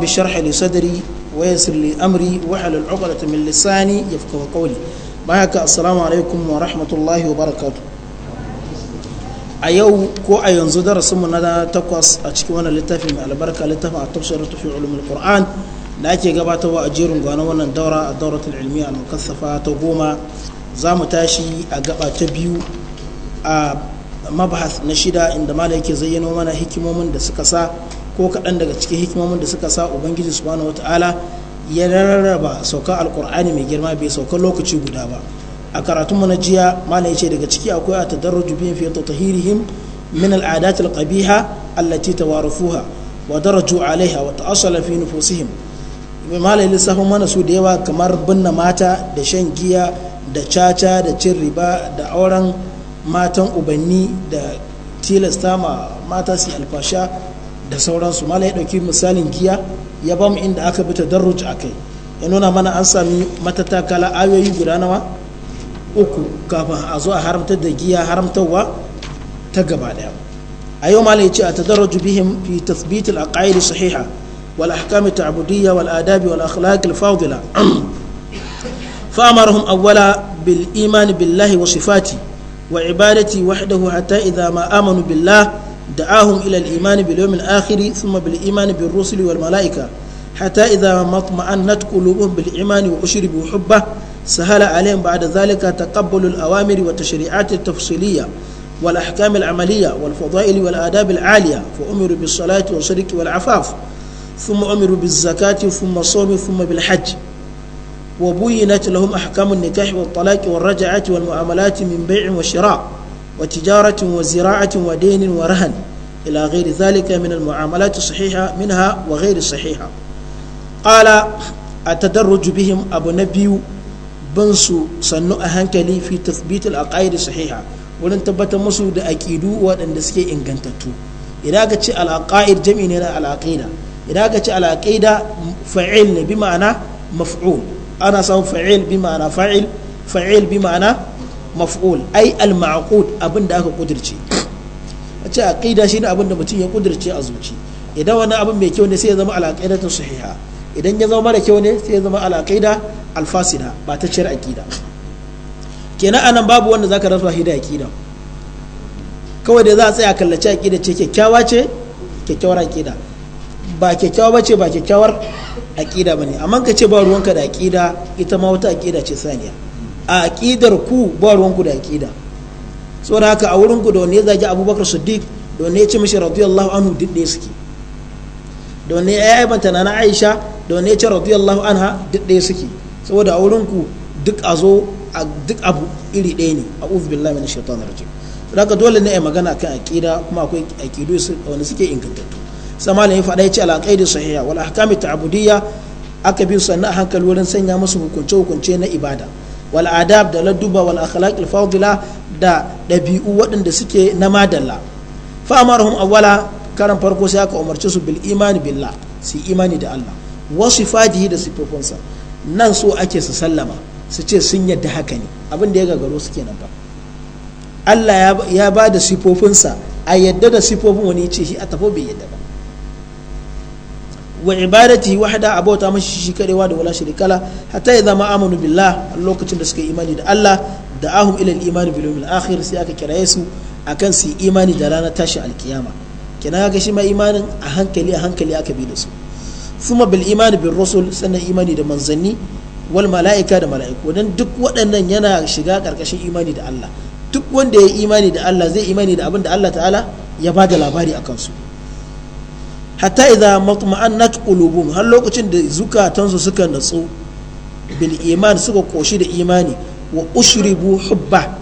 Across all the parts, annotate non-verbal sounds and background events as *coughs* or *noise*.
بشرح لي صدري ويسر لي أمري وحل العقلة من لساني يفقه قولي معك السلام عليكم ورحمة الله وبركاته a yau ko a yanzu darasinmu na takwas a cikin wannan littafi mai albarka littafin a tafsirar fi ulumul qur'an da ake gabatarwa a jerin gwanon wannan daura a dauratul ilmiya al mukassafa ta goma za mu tashi a gaba ta biyu a mabahas na shida inda mala yake zayyano mana hikimomin da suka sa ko kaɗan daga cikin hikimomin da suka sa ubangiji subhanahu wataala ya rarraba sauka alkur'ani mai girma bai sauka lokaci guda ba a karatun mu na jiya malam ce daga ciki akwai a tadarruju bihim fi tatahirihim min al'adat al-qabiha allati tawarafuha wa daraju alaiha wa ta'assala fi nufusihim malam lissafin mana su da yawa kamar binne mata da shan giya da caca da cin riba da auren matan ubanni da tilasta ma mata su alfasha da sauransu mala ya ɗauki misalin giya ya ba mu inda aka bi ta a kai ya nuna mana an sami matatakala ayoyi guda nawa uku kafin a zo a haramtar da giya haramtarwa ta gaba daya a yau mala ya ce a tadarruj bihim fi tathbit al sahiha wal ahkami ta'budiyya wal adabi wal akhlaq al fadila iman billahi wa sifati wa ibadati وحده hatta إذا ma amanu بالله دعاهم إلى الإيمان باليوم الآخر ثم بالإيمان بالرسل والملائكة حتى إذا ما اطمأنت قلوبهم بالإيمان وأشربوا حبه سهل عليهم بعد ذلك تقبل الأوامر والتشريعات التفصيلية والأحكام العملية والفضائل والآداب العالية فأمروا بالصلاة والشرك والعفاف ثم أمروا بالزكاة ثم الصوم ثم بالحج وبينت لهم أحكام النكاح والطلاق والرجعة والمعاملات من بيع وشراء وتجارة وزراعة ودين ورهن إلى غير ذلك من المعاملات الصحيحة منها وغير الصحيحة قال التدرج بهم أبو نبي بنسو سنو أهنكلي في تثبيت العقائد الصحيحة ولن تبت مسو دا أكيدو وأن دسكي إنغنتتو إذا قلت العقائد جميعنا العقيدة إذا قلت العقيدة فعل بمعنى مفعول أنا سأفعل بمعنى فعل فعل بمعنى maf'ul ai al-ma'qud abin da aka kudirce a ce aqida shine abin da mutum ya kudirce a zuci idan wani abin mai kyau ne sai ya zama al-aqidatu sahiha idan ya zama mara kyau ne sai ya zama al-aqida al-fasida ba ta ciyar aqida kenan anan babu wanda zaka rasa da aqida kawai da za a tsaya kallace aqida ce kyakkyawa ce kyakkyawar aqida ba kyakkyawa ba ce ba kyakkyawar aqida bane amma ka ce ba ruwanka da aqida ita ma wata aqida ce saniya a aƙidar ku ba ruwanku da aƙida saboda haka a wurinku da wani ya zagi abubakar siddiq da wani ya ci mishi radiyallahu anhu duk ɗaya suke da wani ya yi bantana na aisha da wani ya ci radiyallahu anha duk ɗaya suke saboda a wurinku duk a zo duk abu iri ɗaya ne a uzu billahi na shaitanir saboda haka dole ne a magana kan aƙida kuma akwai aƙidu wani suke ingantattu sama malam ya faɗa ya ce alaƙaidu sahiha wal ahkami abudiyya aka bi sannan a hankali wurin sanya musu hukunce hukunce na ibada wal'adab da ladduba wal akhlaq fadila da dabi'u waɗanda suke na madalla fa amarhum awwala karan farko sai aka umarci su bil imani billah su imani da Allah wa sifatihi da sifofinsa nan so ake su sallama su ce sun yadda haka ne abin da ya gagaro su kenan ba Allah ya ba da sifofinsa a yadda da sifofin wani ce shi a tafo bai yadda ba wa ibadati wahda abota mashi shi karewa da wala shirikala hatta idza ma amanu billah lokacin da suka imani da Allah da ahum ila al-iman bil yawmil akhir sai aka kiraye su akan su imani da ranar tashi alkiyama kina ga shi ma imanin a hankali a hankali aka bi da su kuma bil iman bil rusul sannan imani da manzanni wal mala'ika da mala'iku dan duk waɗannan yana shiga karkashin imani da Allah duk wanda ya imani da Allah zai imani da abin da Allah ta'ala ya ba da labari akan su hatta idza matma'annat qulubuhum har lokacin da zukatansu suka natsu bil iman suka koshi da imani wa ushribu hubba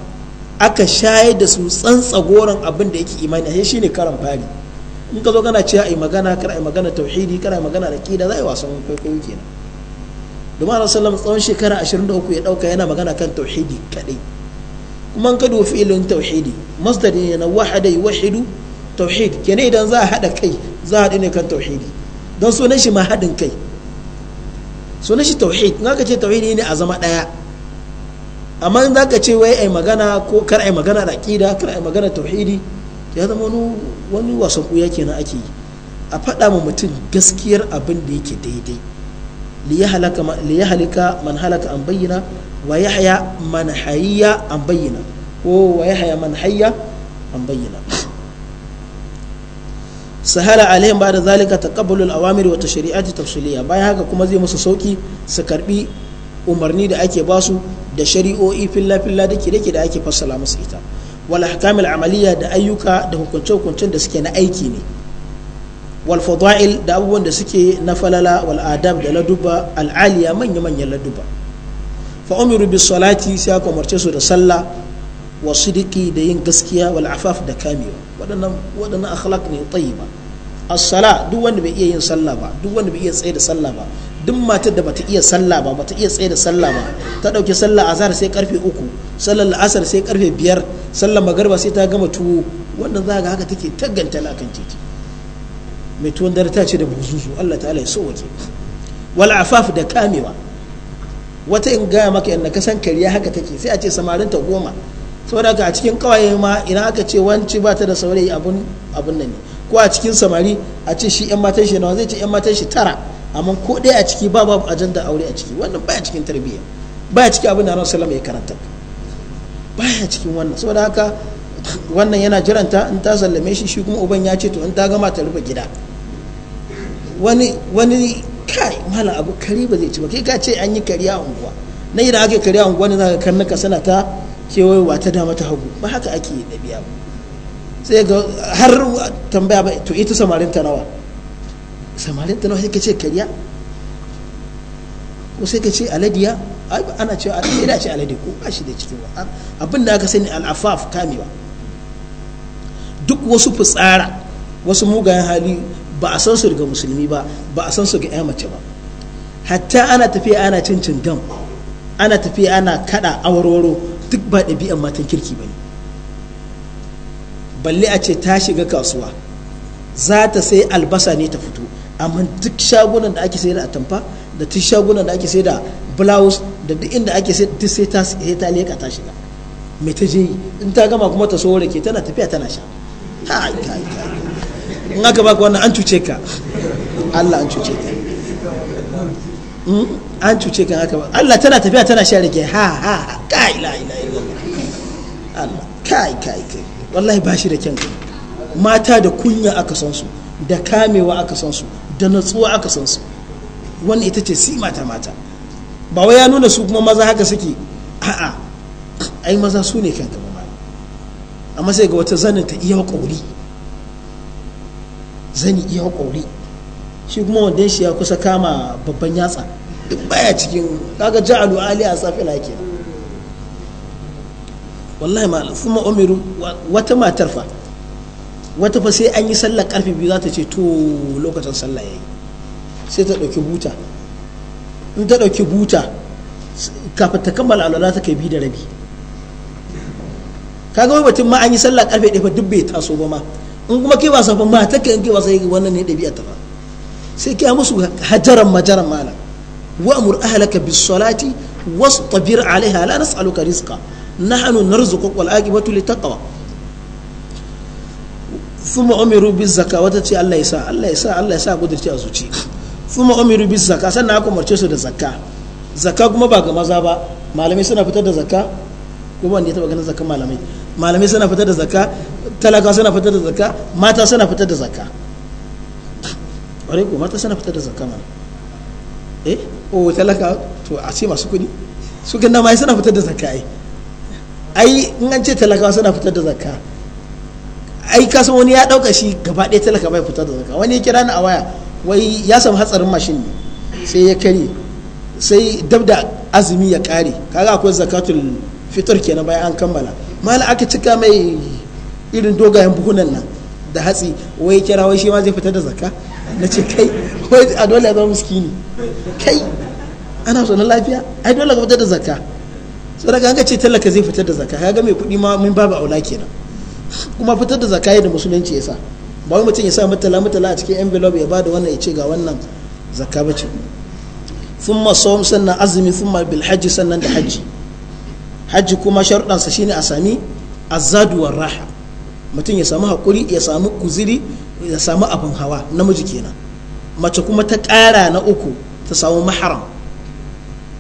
aka shayar da su tsantsagoran abin da yake imani sai shine karan fari in ka zo kana cewa ai magana kana ai magana tauhidi kana ai magana aqida zai wasan kwaikwayo kenan domin Allah salam tsawon shekara 23 ya dauka yana magana kan tauhidi kadai kuma in ka dubi ilin tauhidi masdar ne na wahada yuwahidu tauhid kenan idan za a haɗa kai za a haɗu ne kan tauhidi don sunan shi ma haɗin kai sunan shi tauhid in aka ce tauhidi ne a zama ɗaya amma in za ka ce wai ai magana ko kar ai magana da ƙida kar ai magana tauhidi ya zama wani wasan ɓuya kenan ake yi a faɗa ma mutum gaskiyar abin da yake daidai ya halaka man halaka an bayyana wa ya haya man hayya an bayyana ko wa ya haya man hayya an bayyana sahala alaihim ba da zalika taqabbalul awamir wa tashri'ati tafsiliya bayan haka kuma zai musu sauki su karbi umarni da ake basu da shari'o'i filla filla dake dake da ake fassala musu ita wal ahkamil amaliya da ayyuka da hukunce hukuncen da suke na aiki ne wal fadail da abubuwan da suke na falala wal adab da laduba al aliya manya manyan laduba fa umiru bis salati sai aka umarce su da sallah wa sidiki da yin gaskiya wal afaf da kamewa waɗannan waɗannan akhlaq ne tayyiba as-sala duk wanda bai iya yin sallah ba duk wanda bai iya tsaye da sallah ba duk matar da bata iya sallah ba bata iya tsaye da sallah ba ta dauke sallah azhar sai karfe uku sallar la'asar sai karfe biyar sallar magarba sai ta gama tuwo wannan za ga haka take tagganta la kan titi mai tuwon dare ta ce da buzuzu Allah ta ya so waje da kamewa wata in gaya maka in ka kariya haka take sai a ce samarinta goma saboda ka a cikin kawaye ma ina aka ce wanci ba ta da saurayi abun abun nan ne ko a cikin samari a ce shi yan matan shi nawa zai ce yan matan shi tara amma ko dai a ciki ba babu ajanda aure a ciki wannan baya cikin tarbiyya baya cikin abin da Annabi sallallahu alaihi wasallam ya karanta baya cikin wannan saboda haka wannan yana jiranta in ta sallame shi shi kuma uban ya ce to in ta gama ta rufe gida wani wani kai malam abu kari ba zai ci ba kai ka ce an yi kariya unguwa na idan ake kariya unguwa ne zaka karnuka sana ta kewayowa ta dama ta hagu ba haka ake ɗabi'a ba sai ga har tambaya ba to ita samarin ta nawa samarin ta nawa sai ka ce kariya ko sai ka ce aladiya ana cewa alade da ce aladi ko ba shi da cikin abin da aka sani al'afaf kamewa duk wasu fitsara wasu mugayen hali ba a san su daga musulmi ba ba a san su ga 'ya mace ba hatta ana tafiya ana cincin dam ana tafiya ana kada awarwaro duk ba ɗabi'an matan kirki ba ne balle a ce ta shiga kasuwa za ta sai albasa ne ta fito amma duk shagunan da ake sai da atamfa da duk shagunan da ake sai da blouse da duk inda ake sai duk sai ta sai ta leka ta shiga me ta je in ta gama kuma ta so rake tana tafiya tana sha ha in aka baka wannan an cuce ka Allah an cuce ka Hmm? an cuce kan haka ba Allah tana tafiya tana sha rike ha ha ha kai la ila ila Allah kai kai kai wallahi ba shi da kyan mata da kunya aka san su da kamewa aka san su da natsuwa aka san su wani ita ce si mata mata ba wai ya nuna su kuma maza haka suke a'a ai maza su ne kan ba amma sai ga wata zanin ta iya kauri zani iya kauri shi kuma wanda shi ya kusa kama babban yatsa duk baya cikin kaga ja'alu ali a na ke wallahi ma kuma umiru wata matar fa wata fa sai an yi sallar karfe biyu za ta ce to lokacin sallah yayi sai ta dauki buta in ta dauki buta kafin ta kammala alwala ta kai biyu da rabi kaga wai batun ma an yi sallah karfe ɗaya fa duk bai taso ba ma in kuma wasa ba ma ta kai in ke wasa yi wannan ne ɗabi'a ta fa sai ka musu hajaran majaran malam wa amur ahlaka bis salati wastabir alaiha la nas'aluka rizqa nahnu narzuquka wal aqibatu littaqwa thumma umiru biz zakka wata ce Allah ya sa Allah ya sa Allah ya sa gudurci a zuci thumma umiru bis zakka sannan aka umarce su da zakka zakka kuma ba ga maza ba malamai suna fitar da zakka kuma wanda ya taba ganin zakka malamai malamai suna fitar da zakka talaka suna fitar da zakka mata suna fitar da zakka ƙwarai ko mata suna fitar da zakka ma eh oh talaka to a ce masu kuɗi su ganda ma suna fitar da zakka ai ai in an ce talaka suna fitar da zakka ai kasan wani ya ɗauka shi gaba ɗaya talaka bai fitar da zakka wani ya kira ni a waya wai ya samu hatsarin mashin ne sai ya kare sai dab da azumi ya kare kaga akwai zakatul fitar kenan bayan an kammala mala aka cika mai irin dogayen buhunan nan da hatsi wai kira wai shi ma zai fitar da zakka na ce kai a dole ya zama miskini kai ana so na lafiya ai dole ka fitar da zakka sai daga hanka ce talaka zai fitar da zakka kaga mai kuɗi ma min babu aula kenan kuma fitar da zakka yadda musulunci ya sa ba wai mutum ya sa mutala mutala a cikin envelope ya bada wannan ya ce ga wannan zakka bace thumma sawm sannan azumi thumma bil hajji sannan da hajji hajji kuma sharuɗansa shine a sami azadu raha mutum ya samu haƙuri ya samu kuziri ya samu abin hawa namiji kenan mace kuma ta ƙara na uku ta samu maharam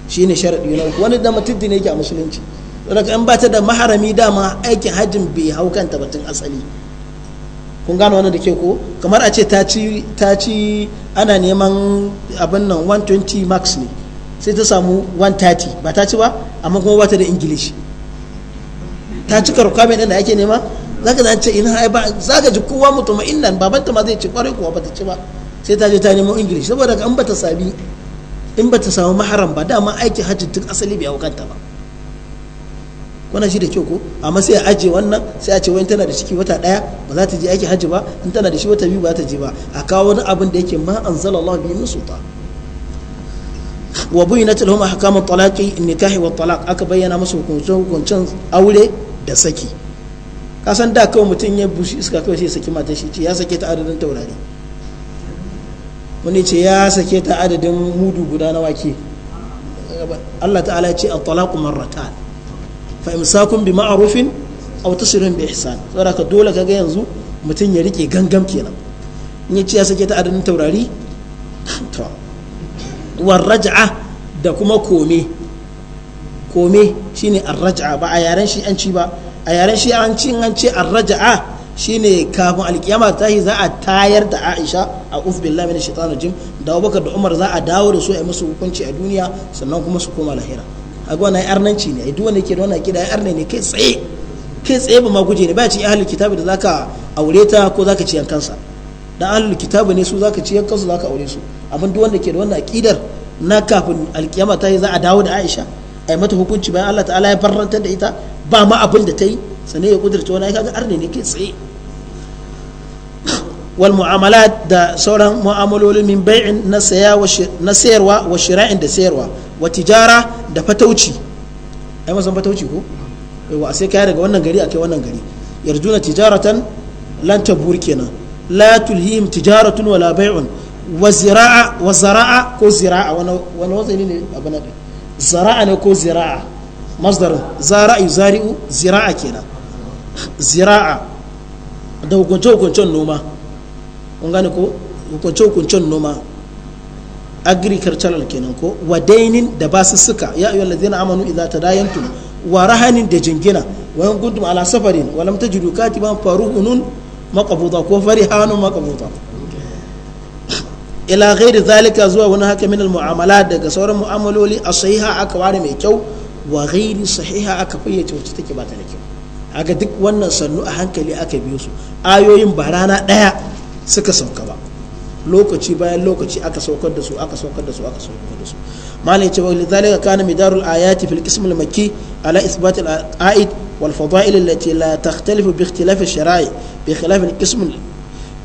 shi ne sharaɗi na uku wani da matiddi ne yake a musulunci saboda yan ba ta da maharami dama aikin hajjin bai hau kanta batun asali kun gano wannan da ke ko kamar a ce ta ci ana neman abin nan 120 max ne sai ta samu 130 ba ta ci ba amma kuma ba ta da ingilishi ta ci karkwamin da ake nema za za ce ina ai ba ka ji kowa mutuma'innan babanta ma zai ci kwarai kuwa ta ci ba sai ta je ta nemo ingilishi saboda an ta sami in ta samu maharam ba dama aikin hajji tun asali bai kanta ba kuna shi da kyau ko amma sai a aje wannan sai a ce wani tana da ciki wata daya ba za ta je aikin hajji ba in tana da shi wata biyu ba za ta je ba a kawo wani abin da yake ma an zala Allah biyu sultan wa bayyinat lahum ahkam at-talaqi an wa talaq aka bayyana musu hukuncin aure da saki ka san da kawai mutum ya bushi iska kawai sai saki mata shi ce ya sake ta adadin taurari wani ce ya sake ta adadin mudu guda na wake Allah ta'ala ya ce at-talaqu marratan fa imsakun bi ma'rufin aw tasrihun bi ihsan saboda ka dole kaga yanzu mutum ya rike gangam kenan in ya ce ya sake ta adadin taurari *coughs* to war raj'a da kuma kome kome shine ar-raj'a ba a yaren shi an ci ba a yaren shi an ci an ce shi ne kafin alkiyama ta yi za a tayar da Aisha a uf billahi minash shaitanir jim da Abubakar da Umar za a dawo da su a musu hukunci a duniya sannan kuma su koma lahira aga wannan arnanci ne ai duk wanda yake da wannan arne ne kai tsaye kai tsaye ba ma guje ne ba ci ahlul kitabu da zaka aure ta ko zaka ci yankansa dan ahlul kitabu ne su zaka ci yankansu zaka aure su abin duk ke da wannan akidar na kafin alkiyama ta yi za a dawo da Aisha ai mata hukunci bayan Allah ta'ala ya farantar da ita ba ma abin da ta yi sannan ya kudurta wani kaga arne ne ke tsaye wal mu'amalat da sauran mu'amalolin min bai'in na sayarwa wa shira'in da sayarwa wa tijara da fatauci ai masan fatauci ko yawa sai kai daga wannan gari akai wannan gari yarjuna tijaratan lan tabur kenan la tulhim tijaratun wala bai'un wa zira'a wa zara'a ko zira'a wani wani ne abana zara'a ne ko zira'a masdarin zara yuzari'u zira'a kenan zira'a da hukunce-hukuncen noma kun gane ko hukunce-hukuncen noma agricultural kenan ko wa dainin da suka ya ayyuhal ladzina amanu idza tadayantum wa rahanin da jingina wa in kuntum ala safarin wa lam tajidu katiban faruhunun maqbuda ko farihanun maqbuda ila ghairi zalika zuwa wani haka min al mu'amala daga sauran mu'amaloli a sahiha aka ware mai kyau wa ghairi sahiha aka fayyace wacce take ba ta da kyau haka duk wannan sannu a hankali aka biyo su ayoyin ba rana ɗaya suka sauka ba lokaci bayan lokaci aka saukar da su aka saukar da su aka saukar da su malam ya ce wa lidhalika kana midarul ayati fil qism al makki ala ithbat al aid wal fadail allati la takhtalifu bi ikhtilaf al shara'i bi khilaf al qism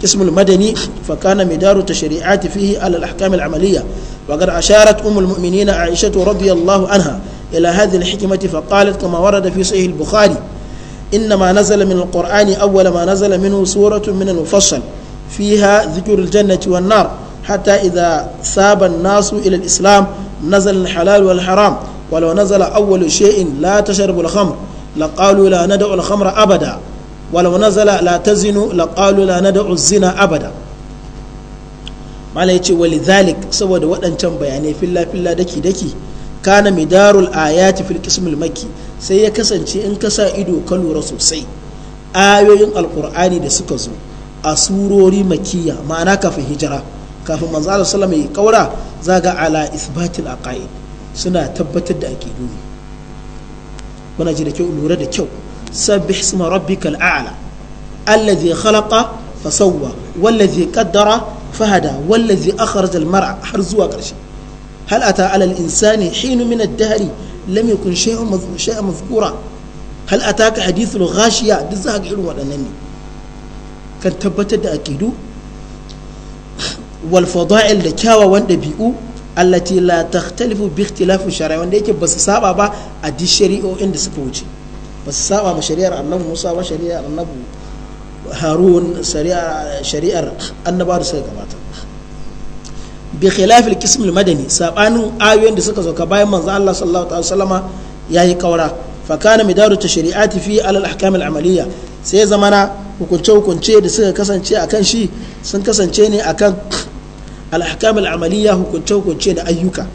قسم المدني فكان مدار التشريعات فيه على الأحكام العملية وقد أشارت أم المؤمنين عائشة رضي الله عنها إلى هذه الحكمة فقالت كما ورد في صحيح البخاري إنما نزل من القرآن أول ما نزل منه سورة من المفصل فيها ذكر الجنة والنار حتى إذا ساب الناس إلى الإسلام نزل الحلال والحرام ولو نزل أول شيء لا تشرب الخمر لقالوا لا ندع الخمر أبدا ولو نزل لا تزنوا لقالوا لا ندع الزنا أبدا ما لا يتي ولذلك سوى دوات أنتم بياني في الله في الله دكي دكي kana midarul ayati fil qismil makki sai ya kasance in ka sa ido ka lura sosai ayoyin alkur'ani da suka zo a surori makiya ma'ana kafin hijira kafin manzo Allah sallallahu alaihi kaura zaga ala isbatil aqaid suna tabbatar da aqidu ne muna ji da kyau lura da kyau sabbih isma rabbikal a'la alladhi khalaqa fasawwa wallazi qaddara fahada wallazi akhraja al mar'a har zuwa ƙarshe hal ata alal insani hinu min ad-dahri lam yakun shay'un shay'un mazkura hal ataka hadithul ghashiya duk za ga irin waɗannan ne kan tabbatar da aqidu wal fada'il da kyawawan dabi'u allati la takhtalifu bi ikhtilafi shari'a wanda yake basu saba ba a duk shari'o'in da suka wuce basu saba ma shari'ar annabi Musa ba shari'ar annabi Harun shari'ar annabawa da suka gabata bi khilafil qismil madani sabanin ayoyin da suka zo ka bayan manzo Allah sallallahu alaihi wasallama yayi kaura fa kana midaru tashri'ati fi al ahkam al amaliya sai zamana hukunce hukunce da suka kasance akan shi sun kasance ne akan al ahkam al amaliya hukunce hukunce da ayyuka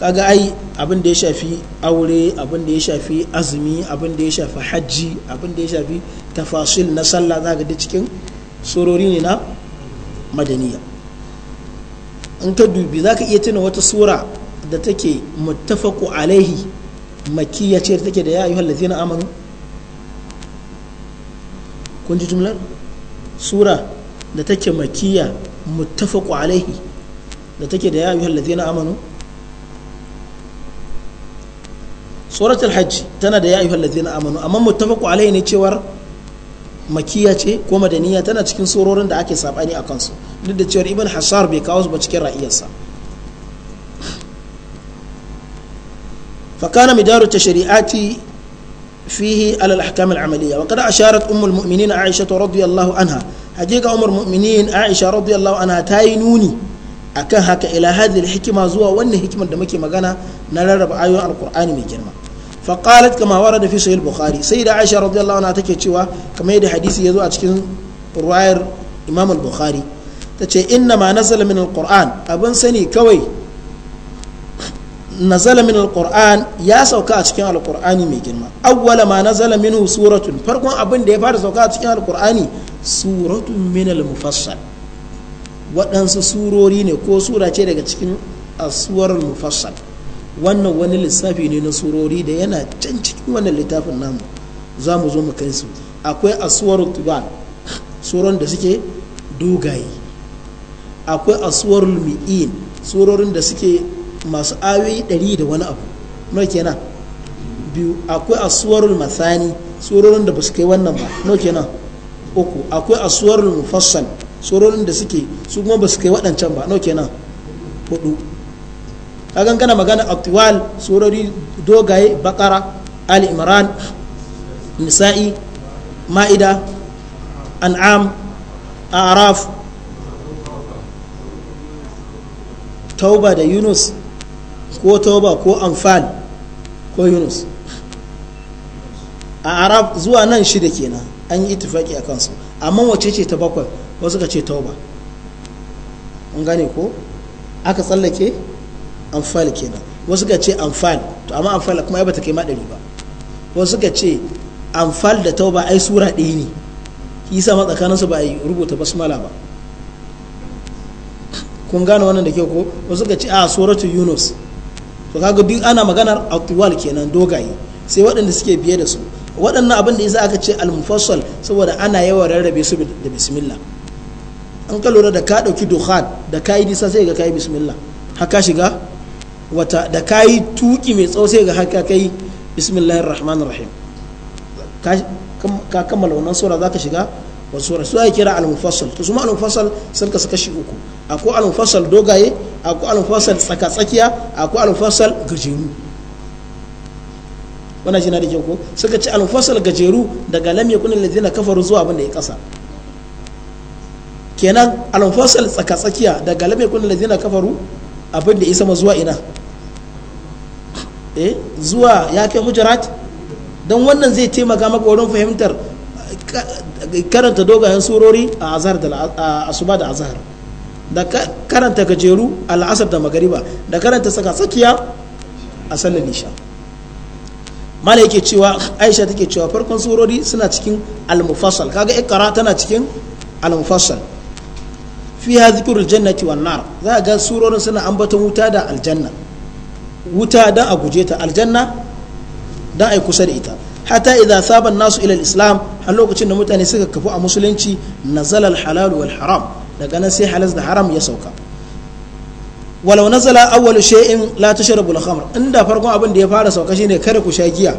kaga ai abin da ya shafi aure abin da ya shafi azumi abin da ya shafi hajji abin da ya shafi tafasil na sallah zaka da cikin surori ne na madaniya in ka dubi za ka iya tuna wata sura da take muttafaku alaihi makiyya ce da take da ya yi ayyuhal ladzina amanu kun ji jumlar sura da take makiyya muttafaku alaihi da take da ya yi ayyuhal ladzina amanu suratul hajj tana da ya yi ayyuhal ladzina amanu amma muttafaku alaihi ne cewar makiya ce ko madaniya tana cikin sororin da ake sabani a kansu duk da cewar ibn hashar bai kawo su ba cikin ra'iyarsa fakana midaru ta shari'ati fihi alal ahkam al amaliya wa kada asharat ummul mu'minin aisha radiyallahu anha hakika ummul mu'minin aisha radiyallahu anha ta yi nuni akan haka ila hadhihi al hikima zuwa wannan hikimar da muke magana na rarraba ayoyin alqur'ani mai girma فقالت كما ورد في صحيح sai da aisha رضي الله عنها تكي تشوى كما يدي حديثي يزو أتشكين رواير إمام البخاري تشي إنما نزل من القرآن أبن سني كوي nazala min alquran ya sauka a cikin alqur'ani mai girma awwala ma nazala minhu suratun farkon abin da ya fara sauka a cikin alqur'ani suratun min almufassal waɗansu surori ne ko surace daga cikin asuwar mufassal wannan wani lissafi ne na surori da yana can cikin wannan littafin namu za mu zo mu kai su akwai asuwar tuban tsoron da suke dogaye akwai asuwar lumi'in surorin da suke masu ayoyi ɗari da wani abu no kenan biyu akwai asuwar masani surorin da ba su kai wannan ba no kenan uku akwai asuwar mufassal surorin da suke su kuma ba su kai waɗancan ba no kenan hudu kagan kana magana atwal surori dogaye bakara ali imran nisa'i ma'ida an'am araf tauba da yunus ko tauba ko amfan ko yunus a araf zuwa nan shida kenan an yi itifaki a kansu amma wace ce ta bakwai wasu ka ce tauba an gane ko aka tsallake amfal kenan wasu ka ce amfal to amma amfal kuma ya bata kai ma ɗari ba wasu ka ce amfal da tauba ai sura ɗaya ne isa ma su ba a yi rubuta basmala ba kun gane wannan da ke ko wasu ka ce a ah, suratu yunus to kaga duk ana maganar atwal kenan dogaye sai waɗanda suke biye da su waɗannan abin da isa aka ce al-mufassal saboda ana yawan rarrabe su da bismillah an ka da ka ɗauki duhan da ka yi nisa sai ga ka yi bismillah haka shiga wata da ka yi tuki mai tsawo sai ga haka kai bismillahir rahmanir rahim ka kammala wannan sura za ka shiga wa sura su ake kira al-mufassal to suma al-mufassal sun kasu kashi uku akwai al-mufassal dogaye akwai al-mufassal tsaka-tsakiya akwai al-mufassal gajeru wannan jina da ko suka ci al-mufassal gajeru daga lam yakun allazina kafaru zuwa abin da ya kasa kenan al-mufassal tsaka-tsakiya daga lam yakun allazina kafaru abin da ya sama zuwa ina eh zuwa ya kai hujarat don wannan zai taimaka maka fahimtar karanta dogayen surori a azhar da asuba da azhar da karanta gajeru al'asar da magariba da karanta saka tsakiya a sallar nisha mala yake cewa aisha take cewa farkon surori suna cikin al-mufassal kaga kara tana cikin al-mufassal fiha zikrul jannati wan nar za ga surorin suna ambaton wuta da aljanna wuta dan a guje ta aljanna dan ai kusa da ita hata idan sabon nasu ilal islam har lokacin da mutane suka kafu a musulunci nazala al-halal wal haram daga nan sai halas da haram ya sauka walau nazala awwal shay'in la tashrabu al-khamr inda farkon abin da ya fara sauka shine kada ku sha giya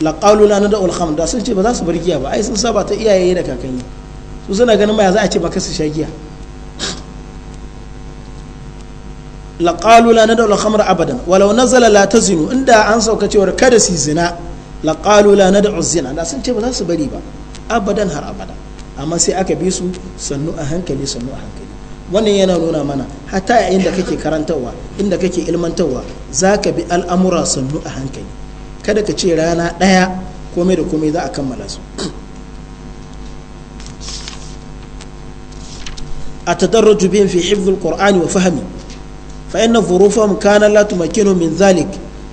la qawluna nada al-khamr da sun ce ba za su bar giya ba ai sun saba ta iyaye da kakanni su suna ganin ma ya za a ce ba ka su sha giya la la al-khamra abadan walau nazala la tazinu inda an sauka cewar kada si zina la qalu la zina da sun ce ba za su bari ba abadan har abada amma sai aka bi su sannu a hankali sannu a hankali wannan yana nuna mana hatta a inda kake karantarwa inda kake ilmantarwa za ka bi al'amura sannu a hankali kada ka ce rana ɗaya komai da komai za a kammala su a tadarraju bin fi hifzul qur'ani wa fahmi فإن ظروفهم كان لا تمكنهم من ذلك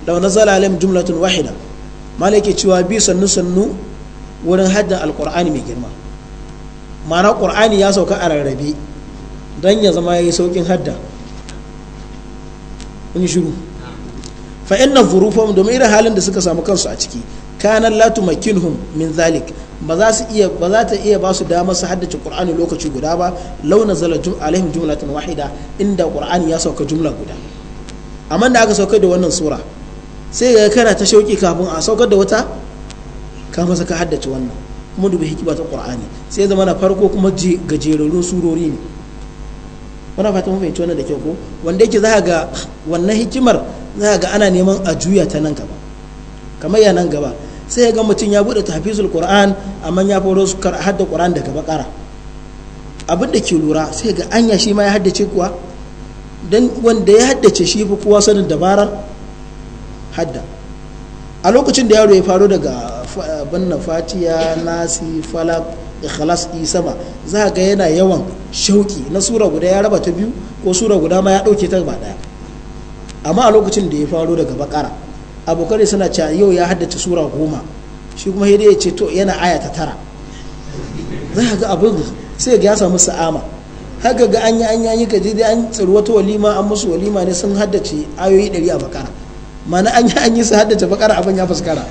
لو نزل عليهم جملة واحدة مالك تشوابي سنو سنو wurin haddan alkur'ani mai girma ma'ana ƙur'ani ya sauka a rarrabe don ya zama ya yi saukin hada kun yi shiru fa inna zurufahum domin irin halin da suka samu kansu a ciki kanan latu makinhum min zalik ba za su iya ba za ta iya ba su damar su haddace qur'ani lokaci guda ba launa zala alaihim jumlatun wahida inda qur'ani ya sauka jumla guda amma da aka saukar da wannan sura sai ga kana ta shauki kafin a saukar da wata ka masa ka haddace wannan kuma dubi hikima ta qur'ani sai zama na farko kuma gajerarrun surori ne wannan fatan mun fahimci wannan da kyau ko wanda yake za ga wannan hikimar za ga ana neman a juya ta nan gaba kamar ya nan gaba sai ga mutum ya bude tafisul qur'an amma ya faro su hadda qur'an daga bakara abin da ke lura sai ga anya shi ma ya haddace kuwa dan wanda ya haddace shi fi kowa sanin dabarar hadda a lokacin da yaro ya faro daga banna fatiya nasi falak ikhlas isama za ga yana yawan shauki na sura guda ya raba ta biyu ko sura guda ma ya dauke ta gaba daya amma a lokacin da ya faro daga bakara abokan suna cewa yau ya haddace sura goma shi kuma hidai ya ce to yana aya ta tara za ka ga abin sai ga ya samu sa'ama haka ga an yi an yi ka je an tsiri wata walima an musu walima ne sun haddace ayoyi ɗari a bakara mana an yi an yi su haddace bakara abin ya fuskara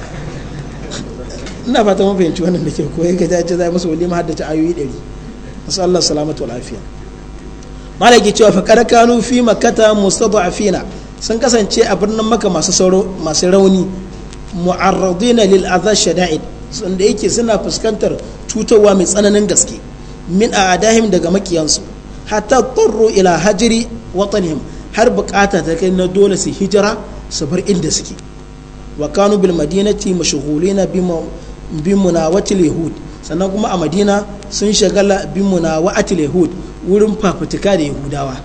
ina fata mun fahimci wannan da ke koyi ga jaji za musu walima haddace ayoyi ɗari masu Allah salamatu wa lafiya malaki cewa fa kanu fi makata mustada'afina sun kasance a birnin maka masu sauro masu rauni mu'arradina lil adha shada'id sun da yake suna fuskantar cutarwa mai tsananin gaske min a adahim daga makiyansu hatta tarru ila hajiri watanihim har bukata ta kai na dole su hijira su bar inda suke wa kanu bil madinati mashghulina bi munawatil yahud sannan kuma a madina sun shagala bi munawatil yahud wurin fafutuka da yahudawa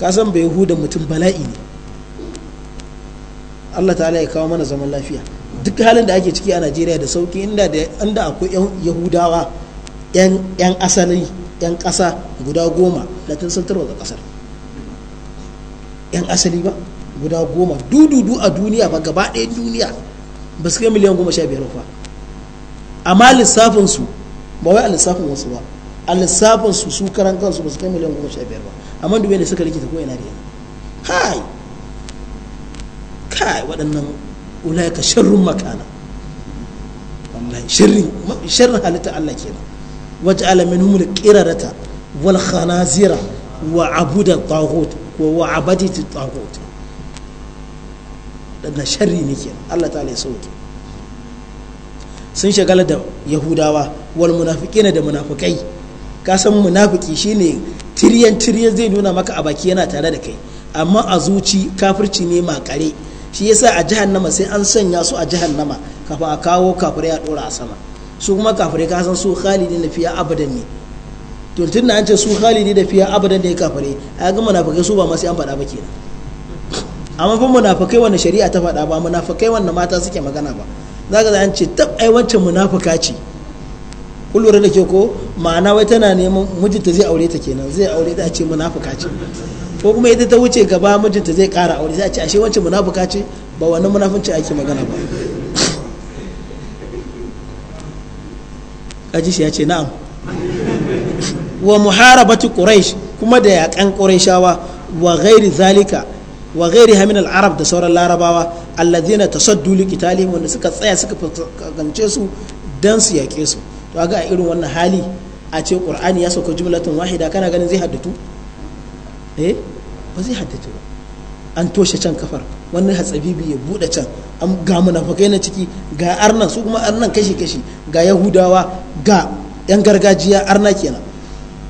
ka san bai yahuda mutum bala'i ne Allah ta'ala ya kawo mana zaman lafiya duk halin da ake ciki a Najeriya da sauki inda da inda akwai yan yahudawa yan asali yan ƙasa guda goma da tun sun tarwa ƙasar yan asali ba guda goma dududu a duniya ba gaba ɗaya duniya ba su kai miliyan goma sha biyar ba amma lissafin su ba wai a lissafin wasu ba a lissafin su su karan kansu ba su kai miliyan goma sha biyar ba amma dubai da suka rikita ko yana da yana kai kai waɗannan ulaika sharrun makana wallahi sharrin halitta Allah kenan waj'ala alamin al kirarata wal khanazira wa abuda taghut wa wa abadati taghut dan sharri ne kenan Allah ta'ala ya sauke sun shagala da yahudawa wal munafiqina da munafikai ka san munafiki shine tiriyan tiriyan zai nuna maka a baki yana tare da kai amma a zuci kafirci ne makare shi yasa a jahannama sai an sanya su a jahannama kafin a kawo kafirai a dora a sama su kuma kafirai ka san su khalidi na fiya abadan ne to tun da an ce su khalidi da fiya abadan ne kafirai a ga munafikai su ba ma sai an faɗa ba kenan amma fa munafikai wannan shari'a ta faɗa ba munafikai wannan mata suke magana ba zaka ga an ce tab ai wancan munafika ce kun lura da ke ko ma'ana wai tana neman mijinta zai aure ta kenan zai aure ta ce munafuka ce ko kuma ita ta wuce gaba mijinta zai kara aure zai a ce ashe wacce munafuka ce ba wannan munafunci ake magana ba kaji *laughs* shi ya ce na'am *laughs* wa muharabati quraish kuma da yakan qurayshawa wa ghairi zalika wa ghairi hamin al-arab da sauran larabawa alladhina tasaddu li qitalihim wanda suka tsaya suka fagance su dan su yake su to ga a irin wannan hali a ce qur'ani ya sauka jumlatun wahida kana ganin zai haddatu eh ba zai haddatu ba an toshe can kafar wani hatsabibi ya buɗe can ga munafakai na ciki ga arnan su kuma arnan kashi kashi ga yahudawa ga yan gargajiya arna kenan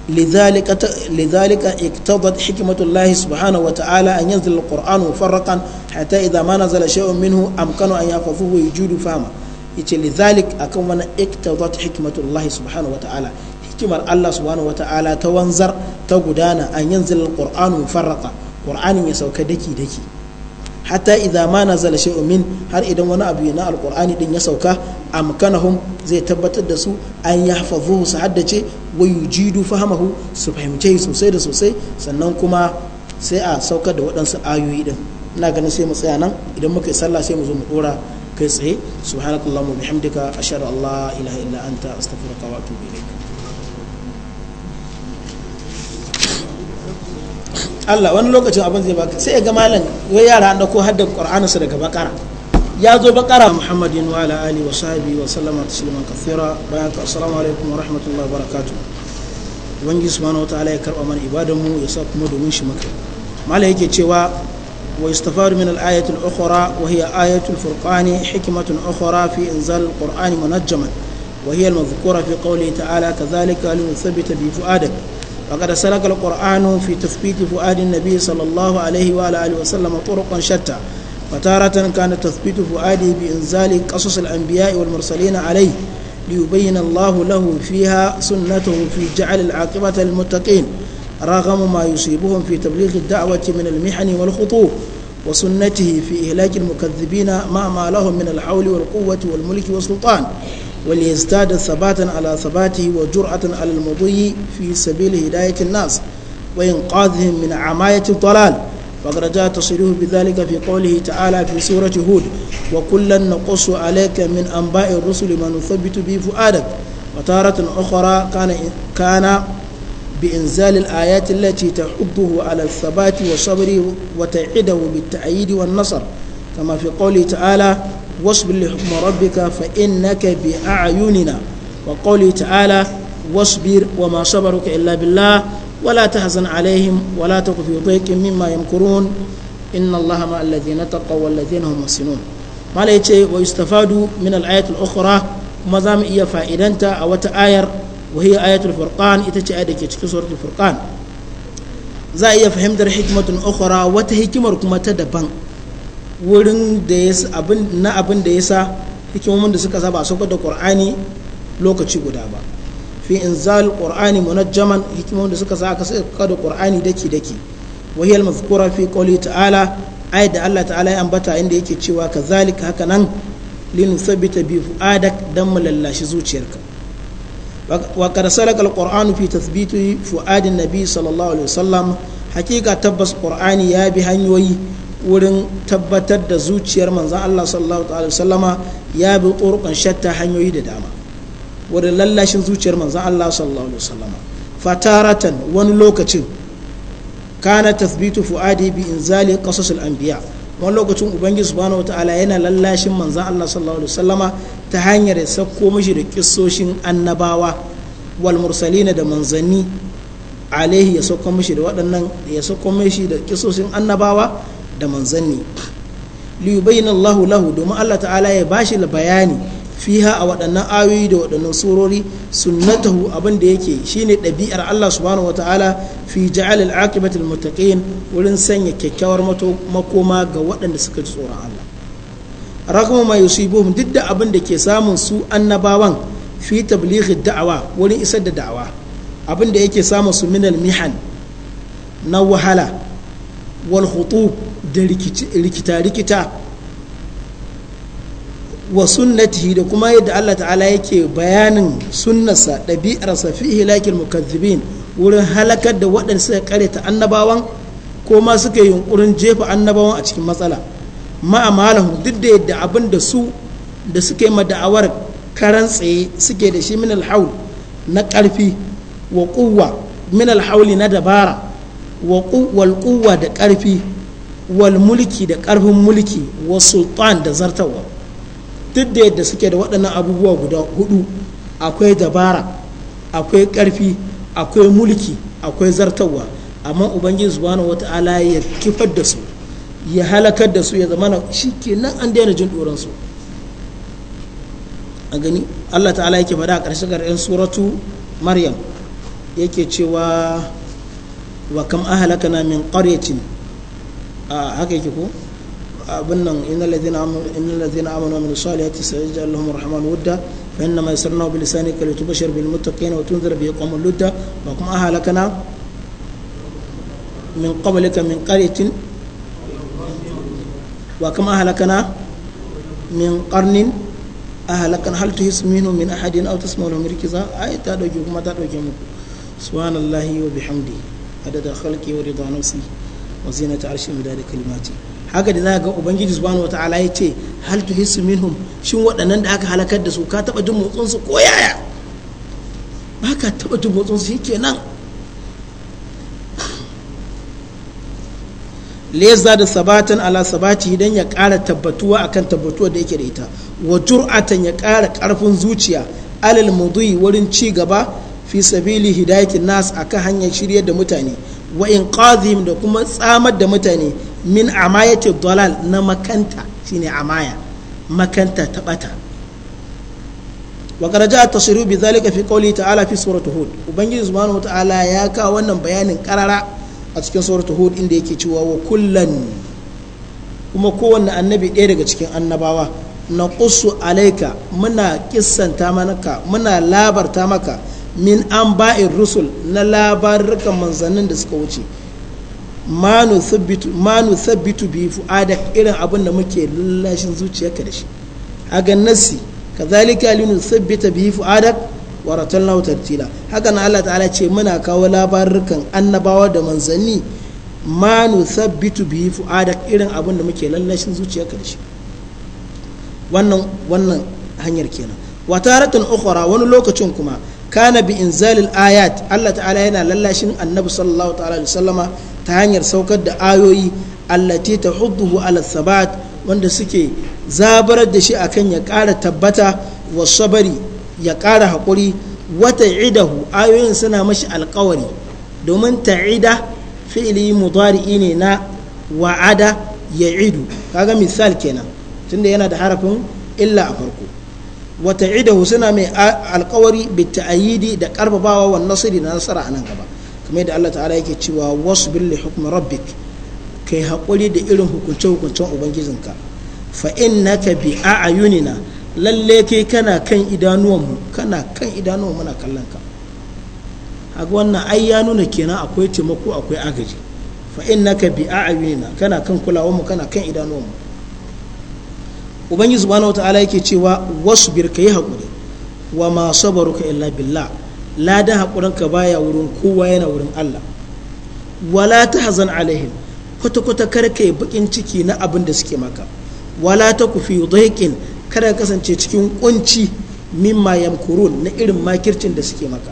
لذلك لذلك اقتضت حكمة الله سبحانه وتعالى أن ينزل القرآن مفرقا حتى إذا ما نزل شيء منه أمكن أن يحفظوه ويجود فهمه yace lidhalik akan wani iktadat hikmatullahi subhanahu wa hikimar Allah subhanahu wa ta wanzar ta gudana an yanzu alqur'anu mufarraqa qur'anin ya sauka daki daki hatta idza ma nazala shay'un min har idan wani abu na alqur'ani din ya sauka amkanahum zai tabbatar da su an yahfazuhu su haddace wa yujidu fahamahu su fahimce sosai da sosai sannan kuma sai a saukar da waɗansu ayoyi din ina ganin sai mu tsaya nan idan muka yi sallah sai mu zo mu dora kai tsaye su hana kullum subhanakallahumma bihamdika ashhadu an la ilaha illa anta astaghfiruka wa atubu ilaik Allah wani lokacin abin zai baka sai ya ga malam wai yara an dauko haddar Qur'anin su daga bakara ya zo bakara Muhammadin wa ala ali wa sahibi wa sallama tasliman kathira bayan ka assalamu alaikum wa rahmatullahi wa barakatuh ubangiji subhanahu wa ta'ala ya karba mana ibadan mu ya sa kuma domin shi maka malam yake cewa ويستفاد من الآية الأخرى وهي آية الفرقان حكمة أخرى في إنزال القرآن منجما وهي المذكورة في قوله تعالى كذلك لنثبت في فؤادك وقد سلك القرآن في تثبيت فؤاد النبي صلى الله عليه وعلى آله وسلم طرقا شتى فتارة كان تثبيت فؤاده بإنزال قصص الأنبياء والمرسلين عليه ليبين الله له فيها سنته في جعل العاقبة للمتقين رغم ما يصيبهم في تبليغ الدعوة من المحن والخطوب وسنته في إهلاك المكذبين مع ما لهم من الحول والقوة والملك والسلطان وليزداد ثباتا على ثباته وجرأة على المضي في سبيل هداية الناس وإنقاذهم من عماية الضلال فقد جاء تصريحه بذلك في قوله تعالى في سورة هود وكلا نقص عليك من أنباء الرسل ما نثبت به فؤادك وتارة أخرى كان كان بإنزال الآيات التي تحضه على الثبات والصبر وتعده بالتأييد والنصر كما في قوله تعالى واصبر لحكم ربك فإنك بأعيننا وقوله تعالى واصبر وما صبرك إلا بالله ولا تحزن عليهم ولا تك في ضيق مما يمكرون إن الله مع الذين اتقوا والذين هم محسنون ما لا ويستفاد من الآية الأخرى ما زام إيا فائدنتا أو تآير وهي آية ita ce آية كتك سورة الفرقان za a iya fahimtar hikmatun ukhra wata hikimar kuma ta daban wurin da ya abin na abin da yasa hikimomin da suka saba saukar da qur'ani lokaci guda ba fi inzal qur'ani munajjaman hikimomin da suka saka saukar da qur'ani daki daki wa hiya al-mazkura fi ta'ala ayat da Allah ta'ala ya ambata inda yake cewa kazalika haka nan linusabbita bi fu'adak dan mu lallashi zuciyarka وقد سلك القرآن في تثبيت فؤاد النبي صلى الله عليه وسلم حقيقة تبس قرآن يا tabbatar da zuciyar manzan Allah sallallahu ya bi turkan shatta hanyoyi da dama wurin lallashin zuciyar manzan Allah sallallahu alaihi wasallama fataratan wani lokacin kana tathbitu fuadi bi inzali qasasul anbiya' wani lokacin ubangiji subhanahu wataala yana lallashin manzan Allah sallallahu alaihi wasallama ta hanyar ya sako mishi da kissoshin annabawa wal mursalina da manzanni alaihi ya sako mishi da waɗannan ya sako mishi da kissoshin annabawa da manzanni liyubayyana Allahu lahu domin Allah ta'ala ya bashi bayani fiha a waɗannan ayoyi da waɗannan surori sunnatahu abin da yake shine ɗabi'ar Allah subhanahu wataala fi ja'alil al-aqibati wurin sanya kyakkyawar makoma ga waɗanda suka ji tsoron Allah rakama ma yusibuhum duk da abin da ke samun su annabawan fi tablighi da'awa wurin isar da da'awa abin da yake samun su minal mihan na wahala wal da rikita rikita wa sunnatihi da kuma yadda Allah ta'ala yake bayanin sunnarsa ɗabi'arsa fi hilakil mukazzibin wurin halakar da waɗanda suka kare ta annabawan ko ma suka yi yunkurin jefa annabawan a cikin matsala ma'amalan duk da yadda abin da su da suke mada'awar karan tsaye suke da shi min alhaul na ƙarfi wa kuwa min alhauli na dabara wal kuwa da ƙarfi wal mulki da ƙarfin mulki wa sultan da zartarwa. duk da yadda suke da waɗannan abubuwa guda hudu akwai dabara akwai ƙarfi akwai mulki akwai zartawa amma ubangiji subhanahu wata'ala ya kifar da su ya halakar da su ya zama na shi kenan an daina jin a gani Allah ta'ala yake fada a ƙarshen ƙarshen suratu maryam yake cewa wa kam ahalakana min ƙaryacin a haka yake ko abin nan innal ladina amanu innal ladina amanu min salihati sayaj'al lahum rahman wadda fa inna ma yasarnahu bi lisanika litubashir bil muttaqina wa tunzira bihi qawman ludda wa kuma ahlakana min qablika min qaryatin wa kama ahlakana min qarnin ahlakan hal tuhis minhu min ahadin aw tasma'u lahum rikza ai ta dauke kuma ta dauke muku subhanallahi wa bihamdihi adada khalqi wa rida nafsi wa zinata arshi midada haka da za ga ubangiji subhanahu ta'ala ya ce hal tuhissu minhum shin waɗannan da aka halakar da su ka taɓa jin motsin su ko yaya ba ka taɓa jin motsin su nan. leza da sabatan ala sabati idan ya ƙara tabbatuwa akan tabbatuwa da yake da ita wa jur'atan ya ƙara ƙarfin zuciya alal mudui wurin ci gaba fi sabili hidayatin nas akan hanyar shiryar da mutane wa in da kuma tsamar da mutane min amayati dalal na makanta shine amaya makanta ta bata wa qad jaa tasiru bi zalika fi qawli ta'ala fi surati hud ubangiji subhanahu ta'ala ya kawo wannan bayanin karara a cikin surati hud inda yake cewa wa kullan kuma kowanne annabi ɗaya daga cikin annabawa na ƙusu alaika muna kissanta maka muna labarta maka min an ba'in rusul na labarukan manzannin da suka wuce manu sabbitu bi fu'adak irin abin da muke lallashin zuciyarka da shi hagan nasi kazalika linu sabbita bi fu'adak wa ratallahu tartila haka na Allah ta'ala ce muna kawo labarukan annabawa da manzanni manu sabbitu bi fu'adak irin abin da muke lallashin zuciyarka da shi wannan wannan hanyar kenan wa taratan ukhra wani lokacin kuma kana bi inzalil ayat Allah ta'ala yana lallashin annabi sallallahu ta'ala alaihi wasallama ta hanyar saukar da ayoyi allati ta hudu al sabat wanda suke zabarar da shi akan ya ƙara tabbata wa sabari ya ƙara haƙuri wata idahu ayoyin suna mashi alkawari domin ta ta'ida fi'ili mudari'i ne na wa'ada ya idu kaga misal kenan tunda yana da harafin illa a farko wata idahu suna mai alkawari bitta ayidi da ƙarfafawa wa nasiri da nasara a nan gaba kamar yadda Allah ta'ala yake cewa wasbir li hukmi rabbik kai haƙuri da irin hukunce hukuncen ubangijinka fa innaka bi a'yunina lalle kai kana kan idanuwanmu kana kan idanuwanmu muna kallon ka haka wannan ai ya nuna kenan akwai taimako akwai agaji fa innaka bi a'yunina kana kan kulawanmu kana kan idanuwanmu ubangiji subhanahu wataala yake cewa wasbir kai haƙuri wa ma sabaruka illa billah ladan ka baya wurin kowa yana wurin Allah wala ta hazan alaihim kwata-kwata karka yi bakin ciki na abin da suke maka wala ta ku fi dhaiqin kada kasance cikin kunci mimma yamkurun na irin makircin da suke maka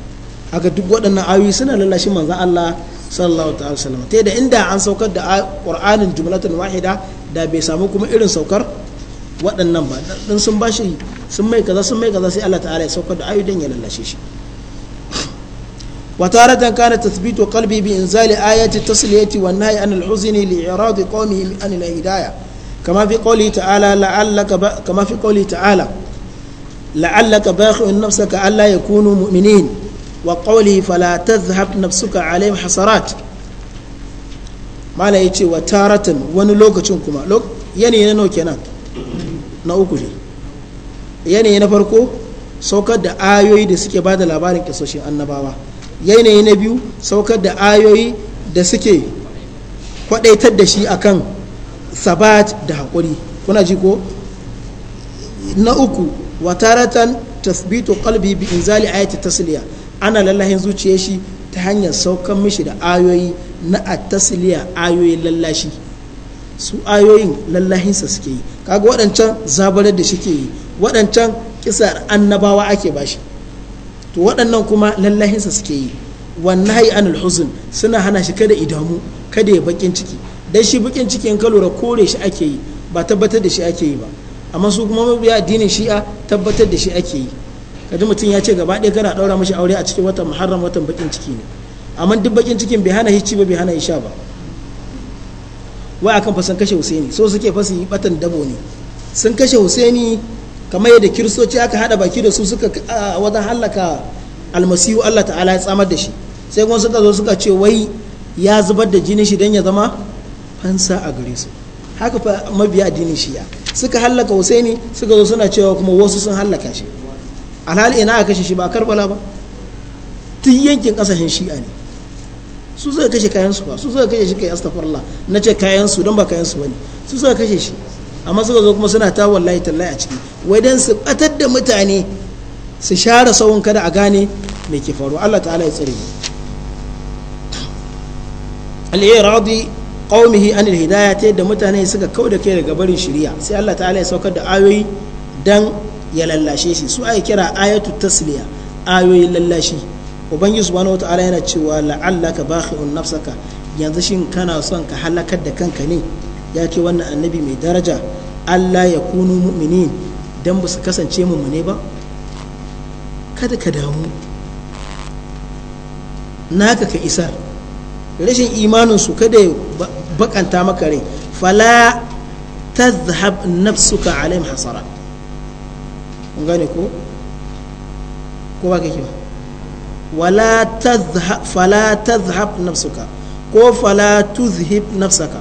haka duk waɗannan ayoyi suna lallashi manzon Allah sallallahu alaihi wasallam ta da inda an saukar da qur'anin jumlatan wahida da bai samu kuma irin saukar waɗannan ba dan sun bashi sun mai kaza sun mai kaza sai Allah ta'ala ya saukar da ayoyi dan ya lallashe shi وتارة كان تثبيت قلبي بإنزال آية التسلية والنهي عن الحزن لإعراض قومهم عن الهداية كما في قوله تعالى لعلك ب... كما في قوله تعالى لعلك باخع نفسك ألا يكونوا مؤمنين وقوله فلا تذهب نفسك عليهم حسرات ما لا يجي وتارة ونلوكتون كما لوك يعني نوكينا نوكوشي يعني نفرقو saukar da ayoyi da suke ba da labarin kisoshin annabawa yanayi na biyu saukar da ayoyi da suke kwadaitar da shi akan sabat da haƙuri kuna ji ko na uku wataratan tasbitu kalbi bi inzali ayati tasliya ana lallahin zuciyar shi ta hanyar saukan mishi da ayoyi na a tasliya ayoyin lallashi su ayoyin lallahinsa suke yi kaga waɗancan zabarar da shi ke yi waɗancan kisar annabawa ake bashi to waɗannan kuma lallahinsa suke yi wannan hai anil huzun suna hana shi kada idamu kada ya bakin ciki dan shi bakin ciki in ka lura kore shi ake yi ba tabbatar da shi ake yi ba amma su kuma mabiya addinin shi'a tabbatar da shi ake yi kaji mutum ya ce gaba ɗaya kana ɗaura mashi aure a cikin watan muharram watan bakin ciki ne amma duk bakin cikin bai hana hicci ba bai hana isha ba wai akan fasan kashe husaini so suke fasi batan dabo ne sun kashe husaini kamar yadda kiristoci aka hada baki da su suka wajen hallaka almasihu Allah ta'ala ya tsamar da shi sai kuma suka zo suka ce wai ya zubar da jinin shi don ya zama fansa a gare su haka fa mabiya addinin ya suka hallaka husaini suka zo suna cewa kuma wasu sun hallaka shi alhali ina a kashe shi ba karbala ba tun yankin kasashen shi'a ne su suka kashe kayan su ba su suka kashe shi kai astaghfirullah na ce kayan su don ba kayan su bane su suka kashe shi amma suka zo kuma suna ta wallahi tallai a ciki wai dan su batar da mutane su share sauran kada a gane mai ke faru. Allah ta'ala ya tsare al-iradi qaumihi an al-hidayah ta yadda mutane suka kauda kai daga barin shari'a sai Allah ta'ala ya saukar da ayoyi dan ya lallashe shi su ake kira ayatu tasliya ayoyin lallashi ubangiji subhanahu wataala yana cewa la'allaka bakhi'un nafsaka yanzu shin kana son ka halakar da kanka ne ya ce wannan annabi mai daraja Allah ya kunu mu'minin dan ba su kasance mummune ba kada ka damu naka ka isar rashin imanin su kada ya bakanta maka rai fala tazhab nafsuka alaihim hasara kun gane ko ko ba kake ba fala nafsuka ko fala tuzhib nafsaka